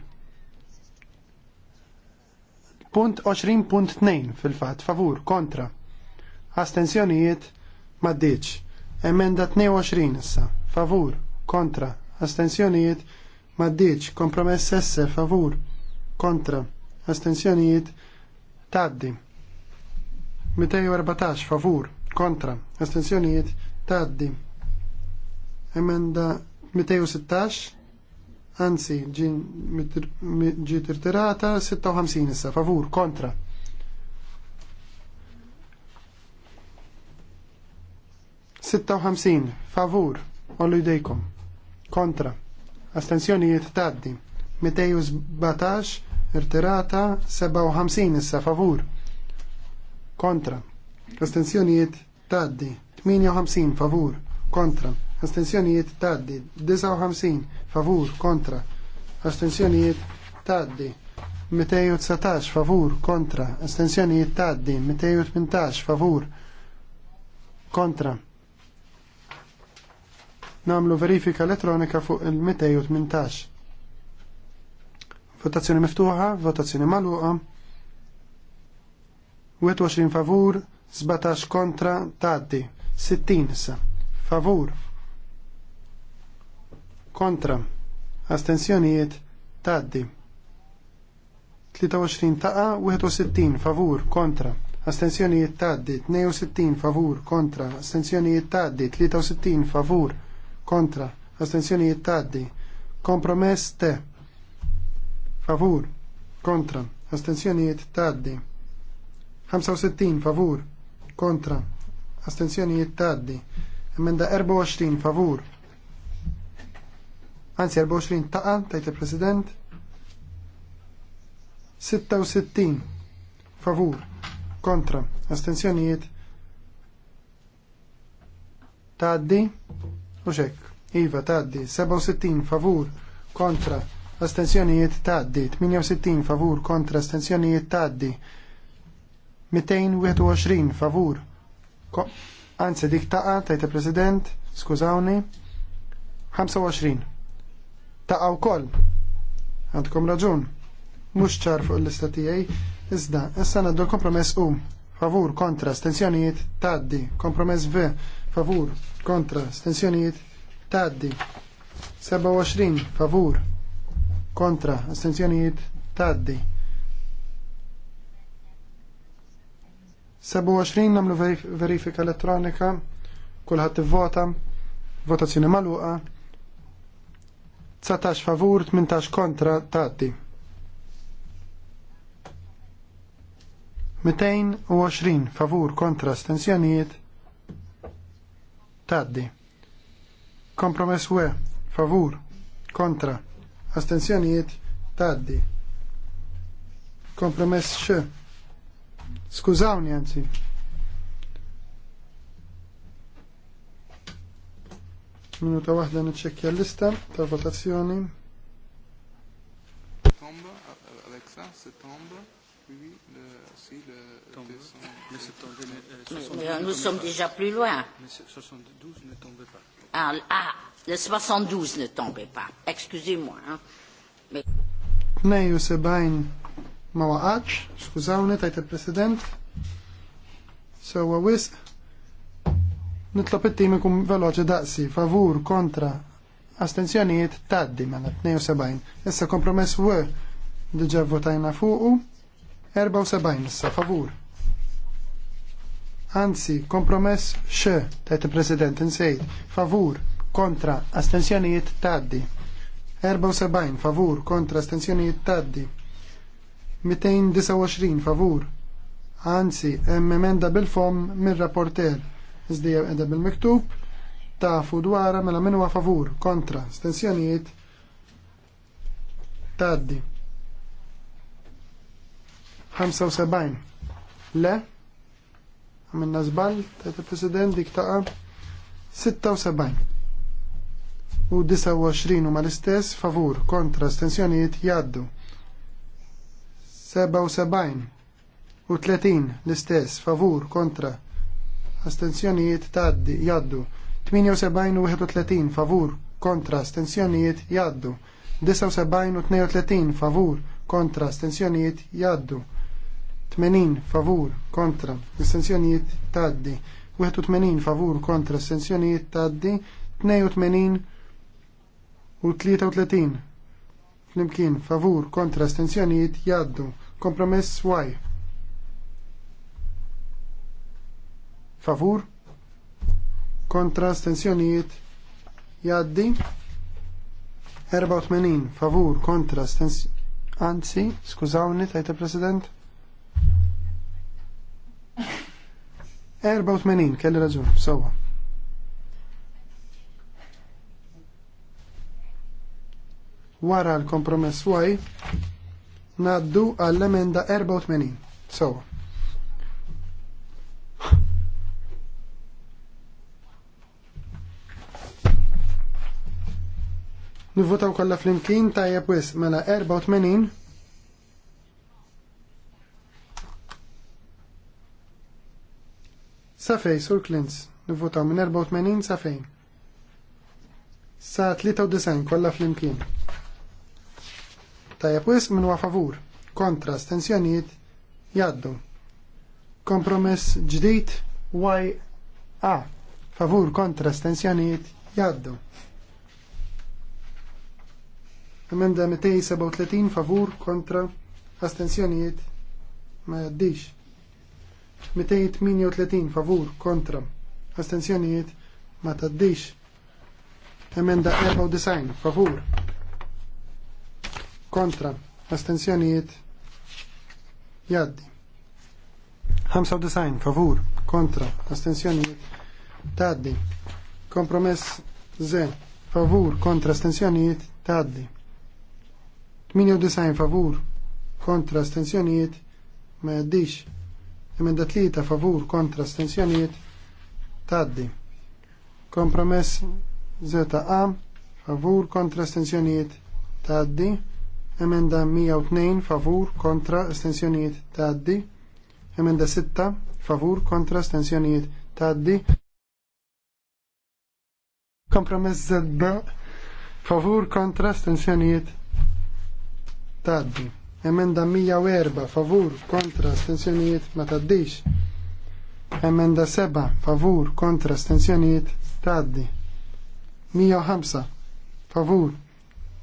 Punt 20.2 fil-fatt, favur, kontra. Astenzjonijiet maddiċ. Emenda 22 issa. Favur, kontra. Astenzjonijiet maddiċ. Kompromess esse, favur, kontra. Astenzjonijiet taddi. 214 favur, kontra. Astenzjonijiet taddi. Emenda 216, anzi ġi tirtirata 56 issa, favur, kontra. Sitta uħamsin, favur, ollu jdejkom, kontra, astensjonijiet taddi, 217, irtirata, 57 issa, favur, kontra, astensjonijiet taddi, 58, favur, kontra, Astenzjonijiet taddi 59 favur kontra Astenzjonijiet taddi 219 favur kontra Astenzjonijiet taddi 218 favur kontra namlu verifika elettronika fuq il-218 votazzjoni miftuħa votazzjoni maluqa 21 favur 17 kontra taddi 60 favur kontra, astensjonijiet taddi. 23 taqa, 61 favur, kontra, astensjonijiet taddi, 62 favur, kontra, astensjonijiet taddi, 63 favur, kontra, astensjonijiet taddi, kompromess te, favur, kontra, astensjonijiet taddi, 65 favur, kontra, astensjonijiet taddi, emenda 24 favur, Anzi, 24 taqa, tajt il-President. 66 favur kontra astensjonijiet. taddi Uxek. Iva taddi 67 favur kontra astensjonijiet taddi 68 favur kontra astensjonijiet taddi 221 favur Anzi, dik taqa, tajt il-President, skużawni, 25 taqaw kol. Għandkom raġun. Mux ċar fuq l-istatijaj, iżda, issa naddu l-kompromess U. Favur, kontra, stenzjonijiet, taddi. Kompromess V. Favur, kontra, stenzjonijiet, taddi. 27, favur, kontra, astenzjonijiet, taddi. 27 namlu verifika elettronika, kullħat vota, votazzjoni maluqa, 19 favur, 18 kontra, tati. 220 favur kontra stenzjonijiet taddi. Kompromess we favur kontra astenzjonijiet taddi. Kompromess x. Skużawni anzi. minuta wahda niċċekkja l-lista ta' votazzjoni Tomba, Alexa, se tomba, oui, le, si, le, tombe. Mais c'est tombé, mais, nous sommes déjà plus loin. Mais 72 ne tombait pas. Ah, ah, le 72 ne tombait pas. Excusez-moi. Nej, u sebajn ma waqax, skużawni tajt il-President. Sewa wisq, Nitlob it-tim ikun veloċi daqsi, favur, kontra, astenzjonijiet taddi mela 72. Issa kompromess W diġa votajna fuqu 74 issa favur. Anzi, kompromess x, tajt il-President insejt, favur, kontra, astenzjonijiet taddi. 74 favur, kontra, astenzjonijiet taddi. 229 favur. Anzi, emenda bil-fom mir-rapporter iżdija edha bil-miktub tafu dwara mela huwa favur kontra stensjonijiet taddi 75 le għamilna zbal ta' president dik ta' 76 u 29 huma l-istess favur kontra stensjonijiet jaddu 77 u 30 l-istess favur kontra astenzjonijiet taddi jaddu 78 31 favur kontra astenzjonijiet jaddu 79 32 favur kontra astenzjonijiet jaddu 80 favur kontra astenzjonijiet taddi 81 favur kontra astenzjonijiet taddi 82 u 33 flimkien favur kontra astenzjonijiet jaddu kompromess why? favur kontra stensjonijiet jaddi 84 favur kontra stens anzi skużawni tajta president 84 kelli raġun sowa wara l-kompromess waj naddu għall-emenda 84 sowa Nivvotaw kollha flimkien tajjeb wis mela 84 sa fej sur Klintz. Nivvotaw minn 84 sa fejn. Sa 93 kollha flimkien. Tajja wis minn wa favur. Kontra stensjonijiet jaddu. Kompromess ġdid Y A. Favur kontra stensjonijiet jaddu. Emenda 237 favur kontra astensjonijiet ma jaddix. 238 favur kontra astensjonijiet ma taddix. Emenda 94 favur kontra astensjonijiet jaddi. 95 favur kontra astensjonijiet taddi. Kompromess Z favur kontra astensjonijiet taddi design favur kontra stenzjonijiet ma jaddix. Emenda tlieta, favur kontra stenzjonijiet taddi. Kompromess ZA favur kontra stenzjonijiet taddi. Emenda 102 favur kontra stenzjonijiet taddi. Emenda 6 favur kontra stenzjonijiet taddi. Kompromess ZB favur kontra stenzjonijiet taddi. Emenda 104 favur kontra astensjonijiet ma taddix. Emenda 7 favur kontra astensjonijiet taddi. 105 favur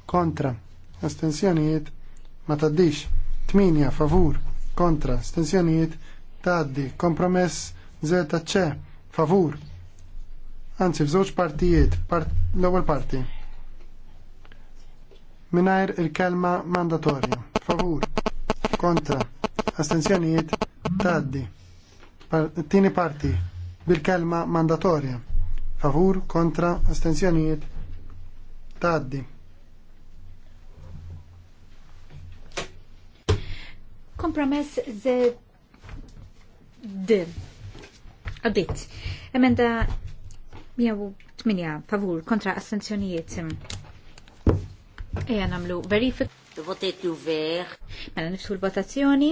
kontra astensjonijiet ma taddix. 8 favur kontra astensjonijiet taddi. Kompromess ZC, favur. Anzi, f'żewġ partijiet, part, l-ewwel parti Minajr il-kelma mandatorja. Favur. Kontra. Astenzjonijiet. Taddi. Tini parti. Bil-kelma mandatorja. Favur. Kontra. Astenzjonijiet. Taddi. Kompromess ze d. Għaddit. Emenda 108 favur kontra astenzjonijiet Eja namlu verifik. Votet ver. Mela nifsu l-votazzjoni.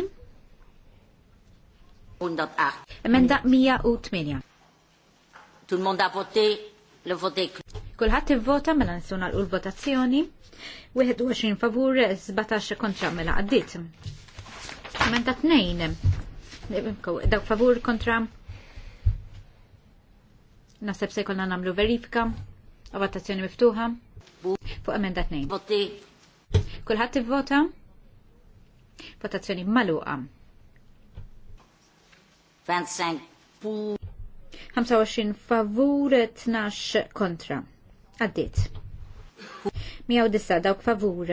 Undat aħt. Emenda 108. Tul monda voti l-votek. Kulħat vota mela nisuna l-votazzjoni. 21 favur, 17 kontra mela għaddit. Emenda 2. Dawk favur kontra. Naseb se jkollna namlu verifika. Votazzjoni miftuħa. Fuq emenda 2. Voti. Kulħadd ivvota? Votazzjoni maluqa. 25 favur, 12 kontra. Għaddit. 109 dawk favur.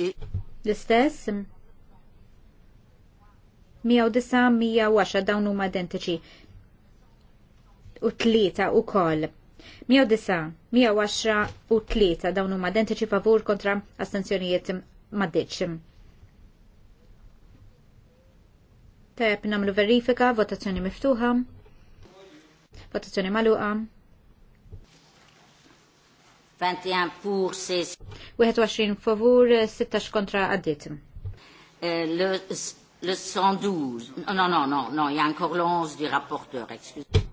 L-istess? 109, 110 dawn huma identiċi u tlieta u koll. 109, 110 u tlieta dawn huma identiċi favur kontra astenzjonijiet maddiċ. Tajab namlu verifika, votazzjoni miftuħa, votazzjoni maluqa. 21 pour 6. 21 favur, 16 kontra għaddit. Eh, le 112, no non, no, no, il y a encore l'11 du rapporteur, excusez.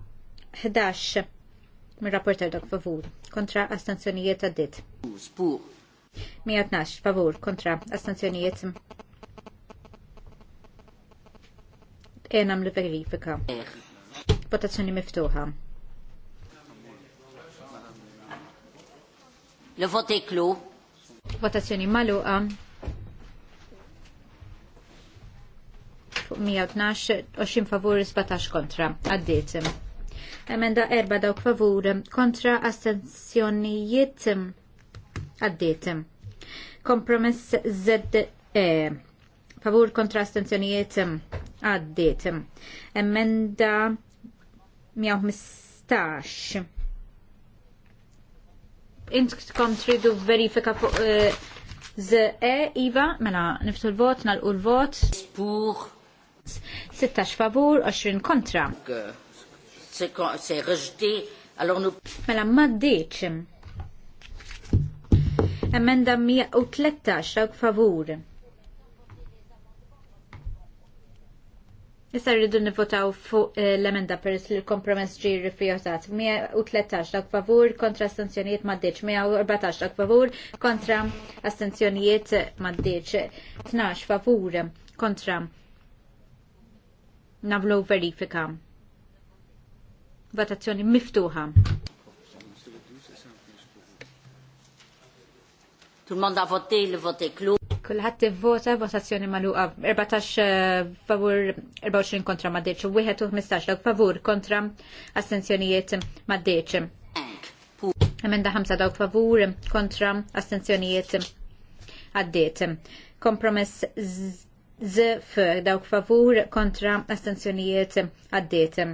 11 mir rapporter dok favur kontra astanzjonijiet għaddit. 112 favur kontra astanzjonijiet enam li verifika. Votazzjoni miftuħa. Le vote klu. Votazzjoni maluqa. 112, 20 favur, 17 kontra. Għaddit. Emenda erba dawk favur kontra astenzjonijiet għaddiet. Kompromess ZE favur kontra astenzjonijiet għaddiet. Emenda 115. Int kontridu verifika fuq eh, ZE Iva, mela niftu l-vot, nalqu l-vot. Spur. 16 favur, 20 kontra. Okay c'est rejeté. Alors nous... Mela maddiċ. Emenda 113 għak favur. Issa rridu nivotaw fuq eh, l-emenda peress li l-kompromess ġi rifjutat. 113 dak favur kontra astenzjonijiet maddeċ. 114 dak favur kontra astenzjonijiet maddeċ. 12 favur kontra navlu verifika. Votazzjoni miftuħa. Tul monda voti li voti klu. Kulħadd ivvota votazzjoni magħluqa 14 eh, favur 24 kontra ma' deċ, wieħed u 15 dawk favur kontra astenzjonijiet ma' Emenda 5 dawk favur kontra astenzjonijiet għaddiet. Kompromess z dawk favur kontra astenzjonijiet għaddiet.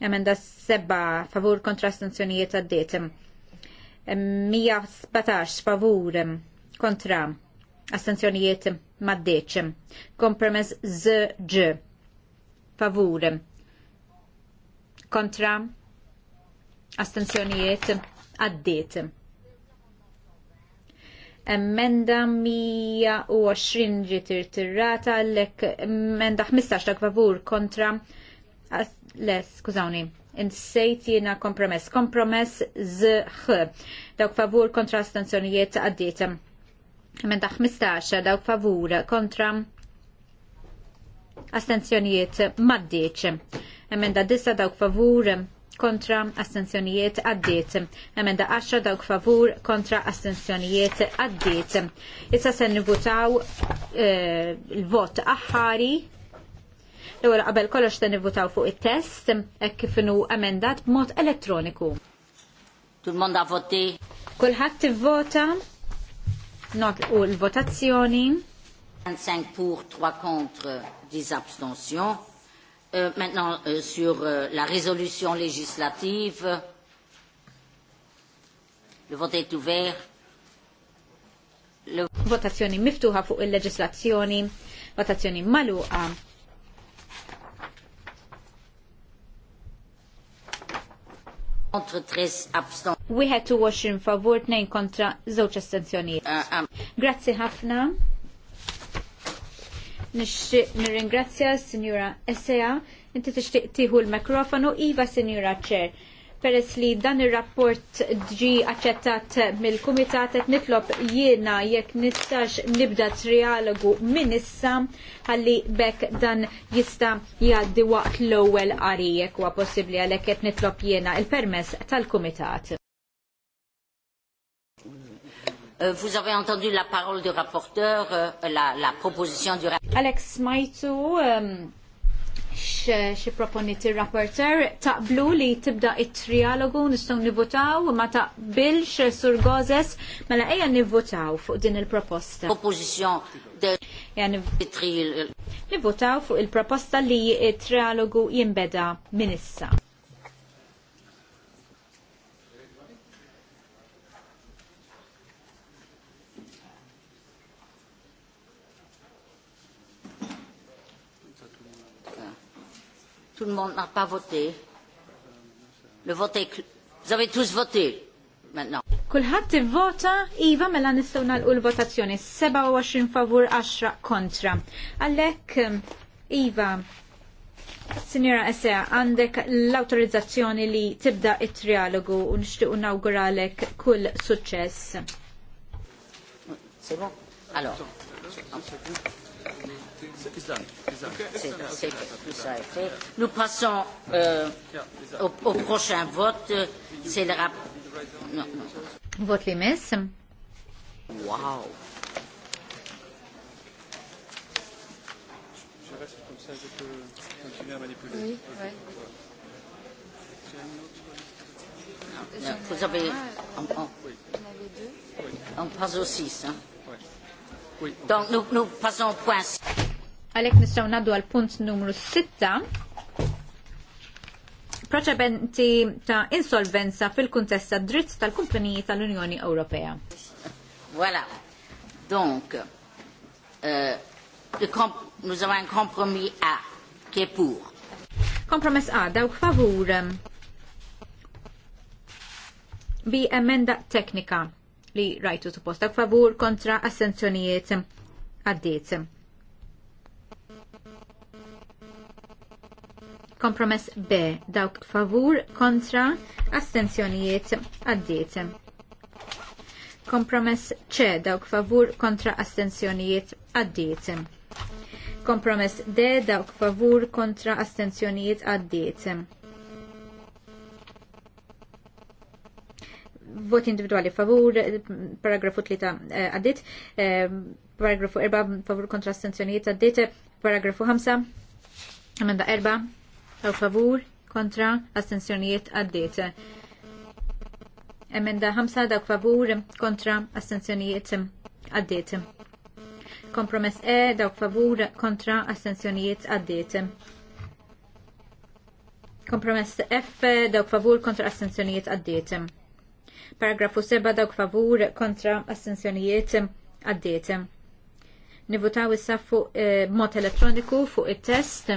Emenda seba favur kontra astenzjonijiet għaddiet. 117 favur kontra astenzjonijiet maddeċ. Kompromess zġ. favur kontra astenzjonijiet għaddiet. Emenda 120 ġiet l-ek emenda 15 favur kontra Le, skużawni, insejt jiena kompromess. Kompromess zħ. Dawk favur kontra stanzjonijiet għaddiet. Menta 15, dawk favur kontra astenzjonijiet maddiċ. Emenda 10 dawk favur kontra astenzjonijiet għaddiet. Emenda 10 dawk favur kontra astenzjonijiet għaddiet. Issa se nivutaw eh, il-vot aħħari l qabel kollox se nivvutaw fuq it-test hekk kif inhu emendat b'mod elettroniku. Tul monda voti. Kulħadd tivvota not u l-votazzjoni. 25 pour, 3 contre, 10 abstentions. Euh, maintenant, euh, sur euh, la résolution législative, le vote est ouvert. Le... Votazzjoni miftuħa fuq il-leġislazzjoni, votazzjoni maluqa. Wieħed u 21 favur tnejn kontra żewġ astenzjonijiet. Uh, um. Grazzi ħafna. Nixtieq nirringrazzja s-Sinjura Essea. Inti tixtieq tieħu l-mikrofonu Iva Sinjura Chair. Peress li dan ir-rapport ġi aċċettat mill-Kumitat qed nitlob jiena jekk nistax nibda trialogu minn issa ħalli bekk dan jista' jgħaddi waqt l-ewwel qari jekk huwa possibbli għalhekk qed nitlob jiena il-permess tal-Kumitat. Euh, vous avez entendu la parole du rapporteur, euh, la, la proposition du rapporteur. Alex Maitu, euh... Um, xi proponit ir-rapporter taqblu li tibda it-trialogu nistgħu nivutaw ma taqbilx sur Gozes mela ejja nivutaw fuq din il-proposta. Nivutaw fuq il-proposta li it-trialogu jinbeda minissa. Tout le monde n'a pas voté. Le vote est clos. Vous avez tous voté maintenant. Kulħadd ivvota iva mela nistgħu nagħlqu l-votazzjoni 27 favur 10 kontra. Għalhekk iva Sinjora Essea, għandek l-autorizzazzjoni li tibda it-trialogu u nixtiequ nawguralek kull suċċess. Allora, Nous passons euh, au, au prochain vote. C'est le rap. Non, non. Vote les messes. Wow. Je peux continuer à manipuler. Oui, ouais. Non, non, vous avez. un, on, oui. on passe au 6. Hein. Oui. Oui, on Donc nous, nous passons au point 6. Għalek nistaw naddu għal punt numru 6. Proċedimenti ta' insolvenza fil kuntesta dritt tal-kumpaniji tal-Unjoni Ewropea. Voilà. Donc, euh, nous avons un compromis A qui est pour. Kompromess A, dawk favur bi emenda teknika li rajtu supposta favur kontra assenzjonijiet għaddiet. Kompromess B. Dawk favur kontra astenzjonijiet għaddiet. Kompromess C. Dawk favur kontra astenzjonijiet għaddiet. Kompromess D. Dawk favur kontra astenzjonijiet għaddiet. Vot individuali favur, paragrafu 3 eh, għaddiet, eh, paragrafu 4 favur kontra astenzjonijiet għaddiet, paragrafu 5, emenda 4 Daw favur kontra astensjonijiet għaddiet. Emenda 5 dawk favur kontra astensjonijiet għaddiet. Kompromess E dawk favur kontra astensjonijiet għaddiet. Kompromess F dawk favur kontra astensjonijiet għaddiet. Paragrafu 7 dawk favur kontra astensjonijiet għaddiet. Nivutaw issa fuq eh, mod elettroniku fuq it-test.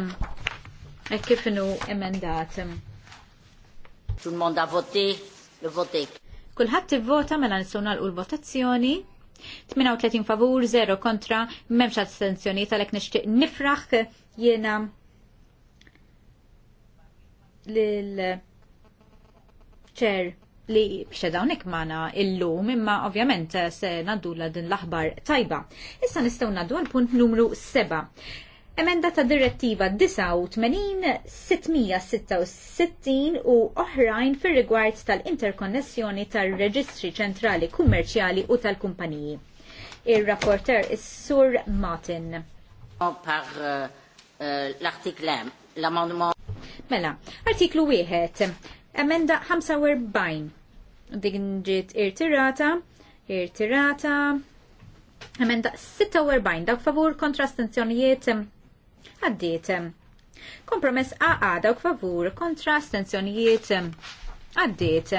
E kif inu emendat. Tout le monde a voté, le voté. Kulħadd ivvota mela nistgħu nagħlqu l-votazzjoni. 38 favur, 0 kontra, m'hemmx astensjoni għalhekk nixtieq nifraħ jiena lil ċer li biex dawnek mana illum imma ovvjament se naddu din l-aħbar tajba. Issa nistgħu naddu għal punt numru 7. Emenda ta' direttiva 89-666 u oħrajn fir rigward tal-interkonnessjoni tal-reġistri ċentrali kummerċjali u tal-kumpaniji. Ir-rapporter is-Sur Martin. Par eh, eh, l-artiklem, l-amendement. Mela, artiklu 1, emenda 45. Din ġiet irtirata, irtirata, Emenda 46 dak favur kontra Għaddiet. Kompromess għada dawk favur kontra stenzjonijiet Għaddiet.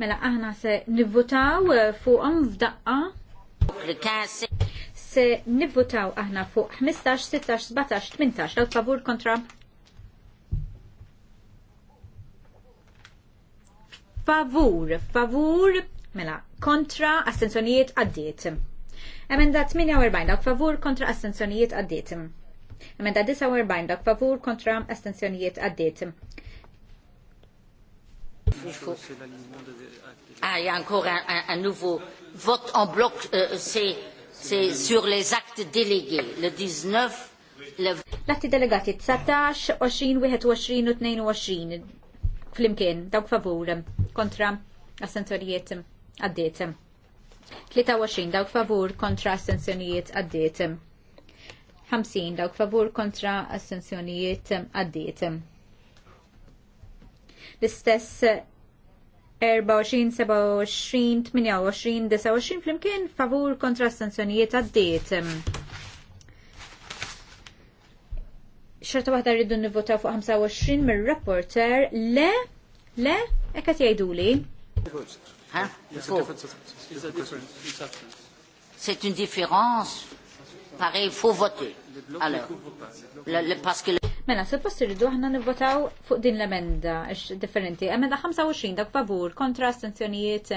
Mela aħna se nivvutaw eh, fuqhom f'daqqa. Se nivvutaw aħna fuq 15, 16, 17, 18 dawk favur kontra favur, favur, mela, kontra astenzjonijiet għaddiet. Emenda 48 dak favur kontra astenzjonijiet għaddiet. Emenda 49 dak favur kontra astenzjonijiet għaddiet. Ah, il y a encore un, un, un nouveau vote en bloc, euh, c'est sur les actes délégués, le 19, le... L-atti 19, 20, 21 u 22 flimkien, dawk favur, kontra assenzjonijiet għaddiet. 23 dawk favur kontra assenzjonijiet għaddiet. 50 dawk favur kontra assenzjonijiet għaddiet. L-istess 24, 27, 28, 29 flimkien favur kontra assenzjonijiet għaddiet. xorta waħda rridu nivvotaw fuq 25 mir rapporter le, le, ekkat jajdu li. C'est une différence. Pareil, faut voter. Alors, le, le, parce que... Mela, aħna nivvotaw fuq din l-emenda, differenti. Emenda 25, dak favur, kontra astenzjonijiet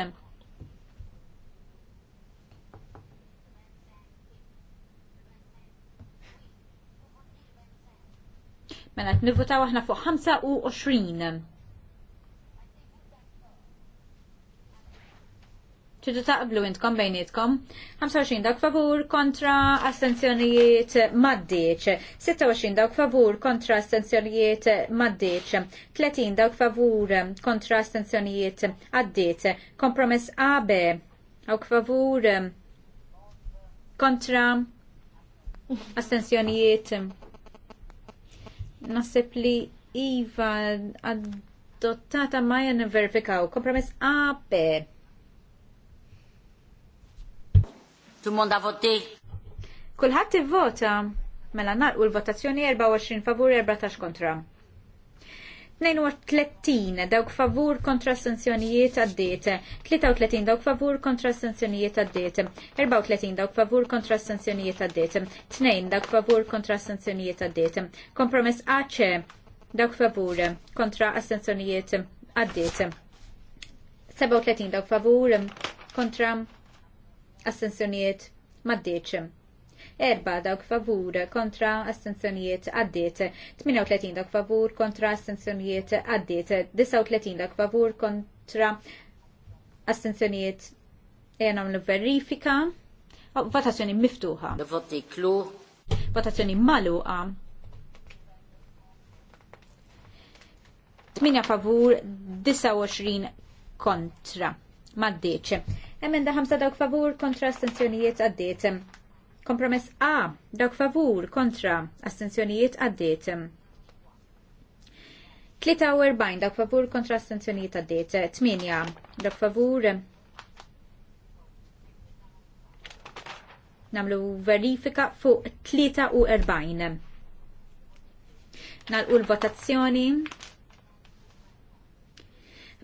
Mela qed nivvutaw aħna fuq 25. ċidu taqblu intkom bejnietkom. 25 dawk favur kontra astenzjonijiet maddiċ. 26 dawk favur kontra astenzjonijiet maddiċ. 30 dawk favur kontra astenzjonijiet għaddiċ. Kompromess AB. Dawk favur kontra astenzjonijiet Nasib li Iva adottata ma jen verifikaw. Kompromess AP. Tumonda voti. Kulħat vota mela narqu l-votazzjoni 24 favur 14 kontra. 32 dawk favur kontra sanzjonijiet għaddiet, 33 dawk favur kontra sanzjonijiet għaddiet, 34 dawk favur kontra sanzjonijiet għaddiet, 2 dawk favur kontra sanzjonijiet għaddiet, kompromess AC dawk favur kontra assenzjonijiet għaddiet, 37 dawk favur kontra assenzjonijiet maddiċ erba dawk favur kontra astenzjonijiet għaddiet, 38 dawk favur kontra astenzjonijiet għaddiet, 39 dawk favur kontra astenzjonijiet jenom l verifika, oh, votazzjoni miftuħa. Voti klu. Votazzjoni maluqa. 8 favur, 29 kontra. Maddeċe. Emenda 5 dawk favur kontra astenzjonijiet għaddiet. Kompromess A, dawk favur, kontra, astenzjonijiet għaddiet. 43, dawk favur, kontra, astenzjonijiet għaddiet. 8, dawk favur, namlu verifika fuq 43. u l-votazzjoni.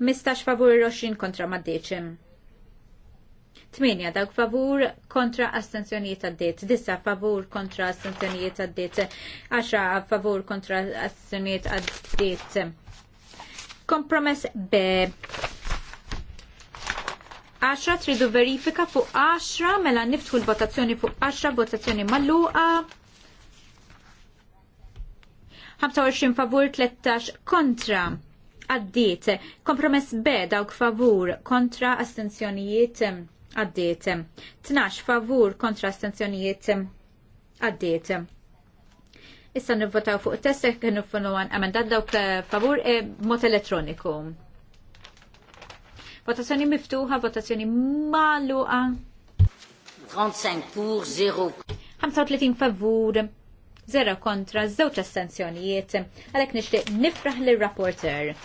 15 favur 20 kontra maddeċim. 8 dawk favur kontra astenzjonijiet għaddit, 9 favur kontra astenzjonijiet għaddit, 10 favur kontra astenzjonijiet għaddit. Kompromess B. 10 tridu verifika fuq 10 mela niftħu l-votazzjoni fuq 10 votazzjoni malluqa. 25 favur 13 kontra għaddiet kompromess B dawk favur kontra astenzjonijiet għaddiet. Tnax favur kontra astenzjonijiet għaddiet. Issa nivvotaw fuq test jekk nifunu għan emendat dawk eh, favur e, mod elettroniku. Votazzjoni miftuħa, votazzjoni maluqa. 35 pur 0. 35 favur, 0 kontra, 0 astenzjonijiet. Għalek nishtiq nifraħ l-rapporter.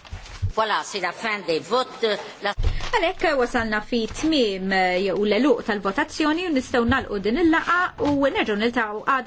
Voilà, c'est la fin des votes. La... Għalek wasalna fi tmim u eh, l-eluq tal-votazzjoni u nistaw nagħlqu din il-laqa u nerġu nil-taw għada